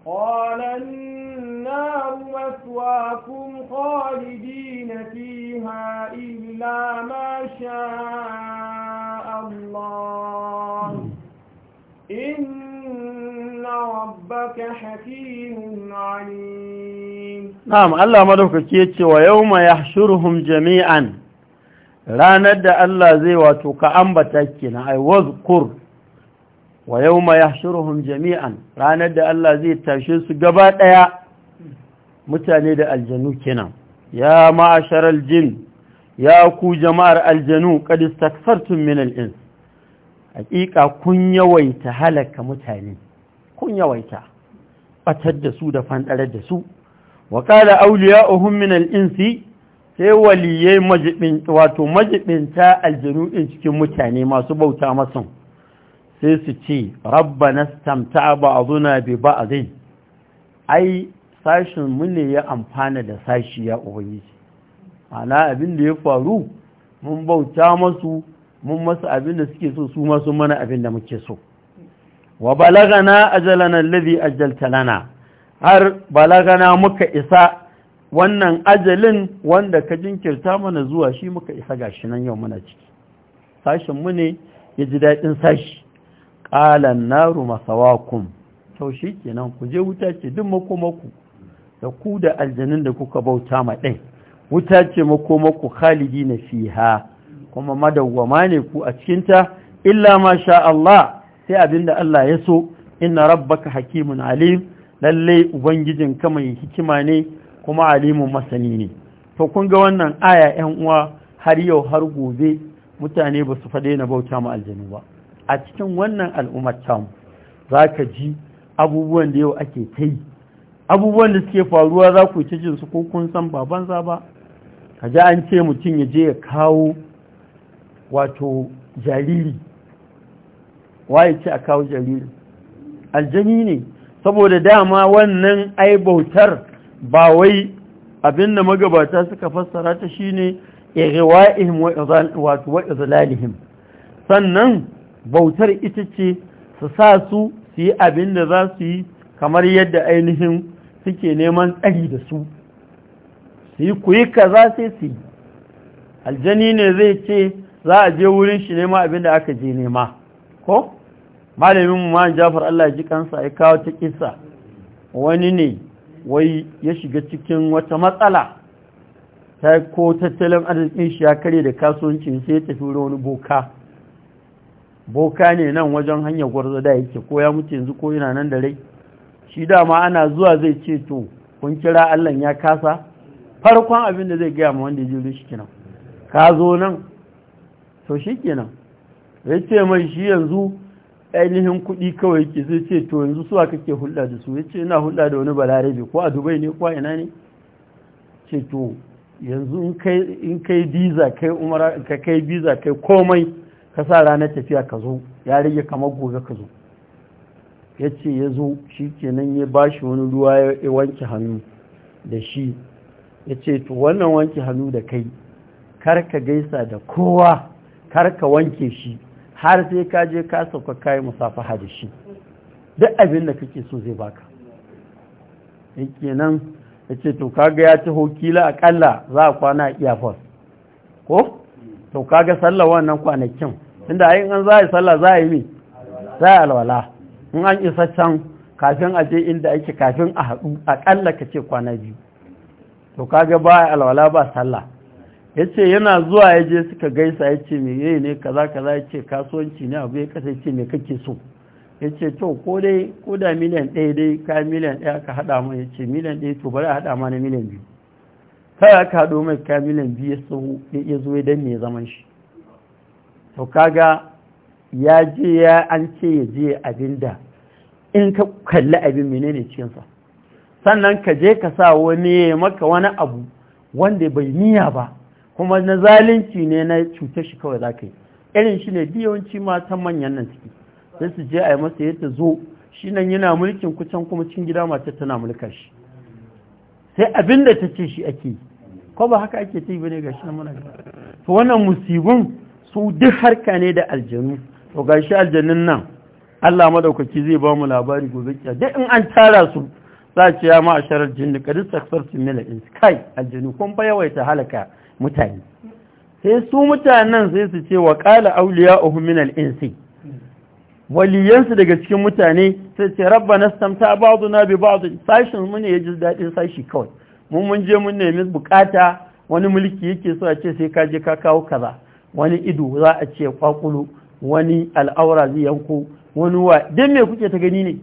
قال النار مثواكم خالدين فيها إلا ما شاء الله إن ربك Allah عليم نعم الله مدوكك يتي ويوم يحشرهم جميعا ranar da Allah zai wato ka ambata kenan ai wazkur wa yawma yahshuruhum jami'an ranar da Allah zai tashi su gaba ɗaya mutane da aljanu kenan ya ma'asharal jin ya ku jama'ar aljanu qad istakfartum min al-ins kun yawaita halaka mutane kun yawaita batar da su da fanɗarar da su wa qala awliya'uhum min al-insi sai waliyai majibin wato majibinta aljinu cikin mutane masu bauta masu sai su ce rabbana stamta'a ba'duna bi zai ai sashin mu ne ya amfana da sashi ya ubangiji ana abin da ya faru mun bauta masu mun masu abin da suke so su masu mana abin da muke so wa balagana ajalana alladhi ajjalta lana har balagana muka isa wannan ajalin wanda ka jinkirta mana zuwa shi muka isa gashi nan yau muna ciki sashin mu ne ya ji daɗin sashi ƙalan naru masawakum sau shi kenan ku je wuta ce duk makomaku da ku da aljanin da kuka bauta ma ɗin wuta ce makomaku khalidi na fiha kuma madawwama ne ku a cikinta illa masha Allah sai abinda Allah ya so inna rabbaka hakimun alim lalle ka mai hikima ne kuma alimun masani ne to kun ga wannan aya yan uwa har yau har gobe mutane ba su fade na bauta ma aljanu ba a cikin wannan al'ummar tamu za ka ji abubuwan da yau ake ta yi abubuwan da suke faruwa za ku ci jinsu ko kun san ba za ba ka ji an ce mutum ya je ya kawo wato jariri waye ce a kawo jaririn aljani ne saboda dama wannan ai bautar ba wai abinda magabata suka fassara ta shine irwa'ihim wa izlalihim sannan bautar ita ce su sa su su yi abin za su yi kamar yadda ainihin suke neman tsari da su su yi kuyi kaza sai su yi aljani ne zai ce za a je wurin shi nema abin da aka je nema ko malamin mu ma jafar Allah ji kansa ya kawo ta kissa wani ne wai ya shiga cikin wata matsala ta ko tattalin arzikin shi ya kare da kasuwancin sai ya tafi wani boka boka ne nan wajen hanyar gwarzo da yake ko ya mutu yanzu ko yana nan da rai shi dama ana zuwa zai ce to kun kira Allah ya kasa farkon abin da zai gaya ma wanda ya ji shi kenan ka zo nan to shi kenan ya ce mai shi yanzu ainihin kuɗi kawai ke sai ce to yanzu suwa kake hulɗa da su ya ce ina hulɗa da wani balarabe ko a dubai ne ko a ina ne ce to yanzu in kai biza kai umara ka kai biza kai komai ka sa ranar tafiya ka zo ya rage kamar gobe ka zo ya ce ya zo shi kenan ya ba shi wani ruwa ya wanke hannu da shi ya ce to wannan wanke hannu da kai kar ka gaisa da kowa kar ka wanke shi har sai ka je ka sauka kayi musafaha da shi duk abin da kake so zai baka in kenan ya ce to kaga ya ci kila akalla za a kwana a iyafos ko to kaga sallah wannan kwanakin inda ayin an za a yi sallah za a yi mi za a alwala in an isa can kafin a je inda ake kafin a haɗu akalla ka ce kwana biyu to kaga ba alwala ba sallah ya ce yana zuwa ya je suka gaisa ya ce yi ne kaza kaza ya ce kasuwanci ne abu ya kasa ce mai kake so ya ce to ko dai da miliyan ɗaya dai ka miliyan ɗaya ka haɗa mai ya ce miliyan ɗaya to bari a haɗa mana na miliyan biyu ya aka haɗo mai ka miliyan biyu ya zo ya ne ya zaman shi to kaga ya je ya an ce ya je abin da in ka kalli abin menene cikinsa sannan ka je ka sa wani maka wani abu wanda bai niyya ba kuma na zalunci ne na cuta shi kawai za ka yi irin shi ne biyawanci matan manyan nan ciki sai su je a yi masa yadda zo shi nan yana mulkin kucan kuma cin gida mata tana mulka shi sai abin da ta ce shi ake yi ko ba haka ake ta ba bane ga shi na muna to wannan musibin su duk harka ne da aljanu to ga shi aljanun nan Allah madaukaki zai ba mu labari gobe kiya duk in an tara su za a ce ya ma a sharar jinni kadis saksar su mila in kai aljanu kun fa yawaita halaka mutane sai su mutanen sai su ce wa auliya awliya'uhum min al-insi waliyansu daga cikin mutane sai ce rabbana istamta na bi ba'd sashin mu ne yaji daɗin sashi kawai mun mun je mun nemi bukata wani mulki yake so a ce sai ka je ka kawo kaza wani ido za a ce kwakulu wani al'aura zai yanko wani wa dan me kuke ta gani ne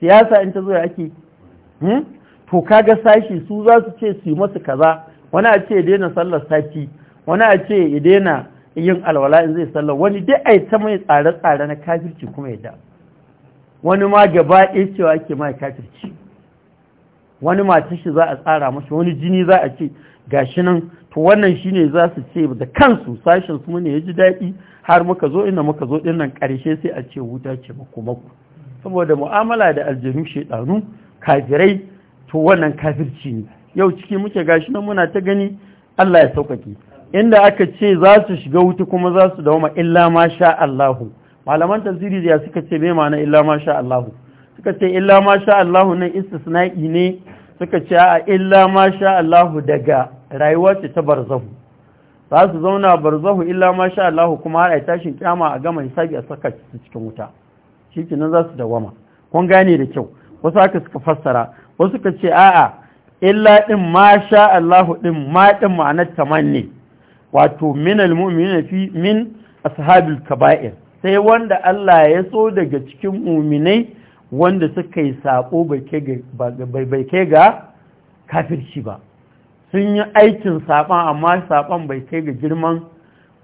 siyasa in ta zo ake hmm? to kaga sashi su za su ce su yi masa kaza wani a ce ya daina sallar sati wani a ce ya daina yin alwala in zai sallar wani dai a yi ta mai tsare-tsare na kafirci kuma ya da wani ma gaba ɗaya cewa ake mai kafirci wani mata shi za a tsara masa wani jini za a ce gashi nan to wannan shi ne za su ce da kansu sashen su ne ya ji daɗi har muka zo inda muka zo ɗin nan ƙarshe sai a ce wuta ce maku saboda mu'amala da aljanu shaidanu kafirai to wannan kafirci ne yau ciki muke gashi nan muna ta gani Allah ya saukake inda aka ce za su shiga wuta kuma za su dawoma illa ma sha Allahu malaman tafsiri da suka ce bai ma'ana illa ma sha Allahu suka ce illa ma sha Allahu nan istisna'i ne suka ce a illa ma sha Allahu daga rayuwa ce ta barzahu za su zauna barzahu illa ma sha Allahu kuma har ai tashin kiyama a gama hisabi a saka su cikin wuta nan za su dawama kun gane da kyau wasu aka suka fassara wasu suka ce a'a illa ɗin ma sha Allahu ɗin ma ɗin ma'anar tamanni wato min almu'minin fi min ashabil kaba'ir sai wanda Allah ya so daga cikin muminai wanda suka yi sako bai kai ga kafirci ba sun yi aikin saban amma saban bai kai ga girman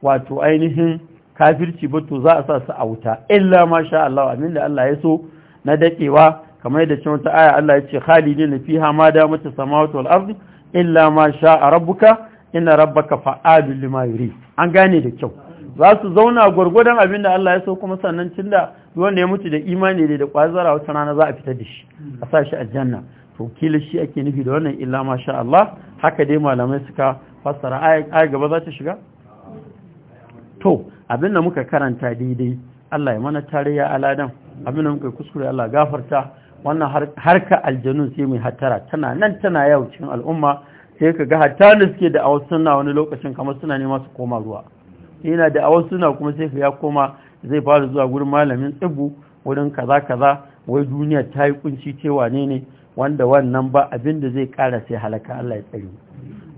wato ainihin kafirci ba to za a sa su a wuta illa ma sha Allah da Allah ya so na dakewa kamar yadda kyauta wata aya Allah ya ce khalidin fiha ma da as-samawati wal illa ma sha'a rabbuka inna rabbaka fa'alul lima yuri an gane da kyau za su zauna gwargwadon abin da Allah ya so kuma sannan cinda wanda ya mutu da imani ne da kwazara wata rana za a fita da shi a sa shi aljanna to kila shi ake nufi da wannan illa ma sha Allah haka dai malamai suka fassara aya gaba za ta shiga to abin da muka karanta daidai Allah ya mana tarayya aladan abin da muka kuskure Allah gafarta wannan harka aljanun sai mai hatara tana nan tana yau cikin al'umma sai ka ga hatta da suke da awa suna wani lokacin kamar suna nema su koma ruwa yana da awa suna kuma sai ka ya koma zai fara zuwa gurin malamin tsibu wurin kaza kaza wai duniya ta yi kunci cewa ne ne wanda wannan ba abin da zai kara sai halaka Allah ya tsare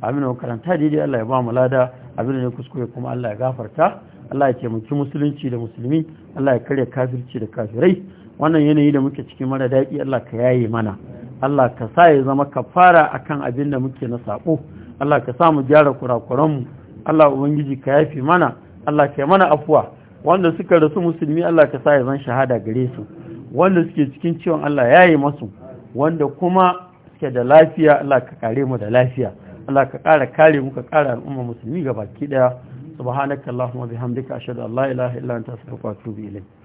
amin wa karanta daidai Allah ya ba mu lada abin da ne kuskure kuma Allah ya gafarta Allah ya taimaki musulunci da musulmi Allah ya karya kafirci da kafirai wannan yanayi da muke cikin mara daɗi Allah ka yaye mana Allah ka sa ya zama kafara akan abin da muke na saƙo Allah ka sa mu gyara kurakuranmu Allah ubangiji ka yafi mana Allah ka mana afuwa wanda suka rasu musulmi Allah ka sa ya zan shahada gare su wanda suke cikin ciwon Allah ya yi masu wanda kuma suke da lafiya Allah ka kare mu da lafiya Allah ka ƙara kare mu ka ƙara al'umma musulmi gabaki subhanaka allahumma bihamdika ashhadu an la ilaha illa anta astaghfiruka wa atubu ilayk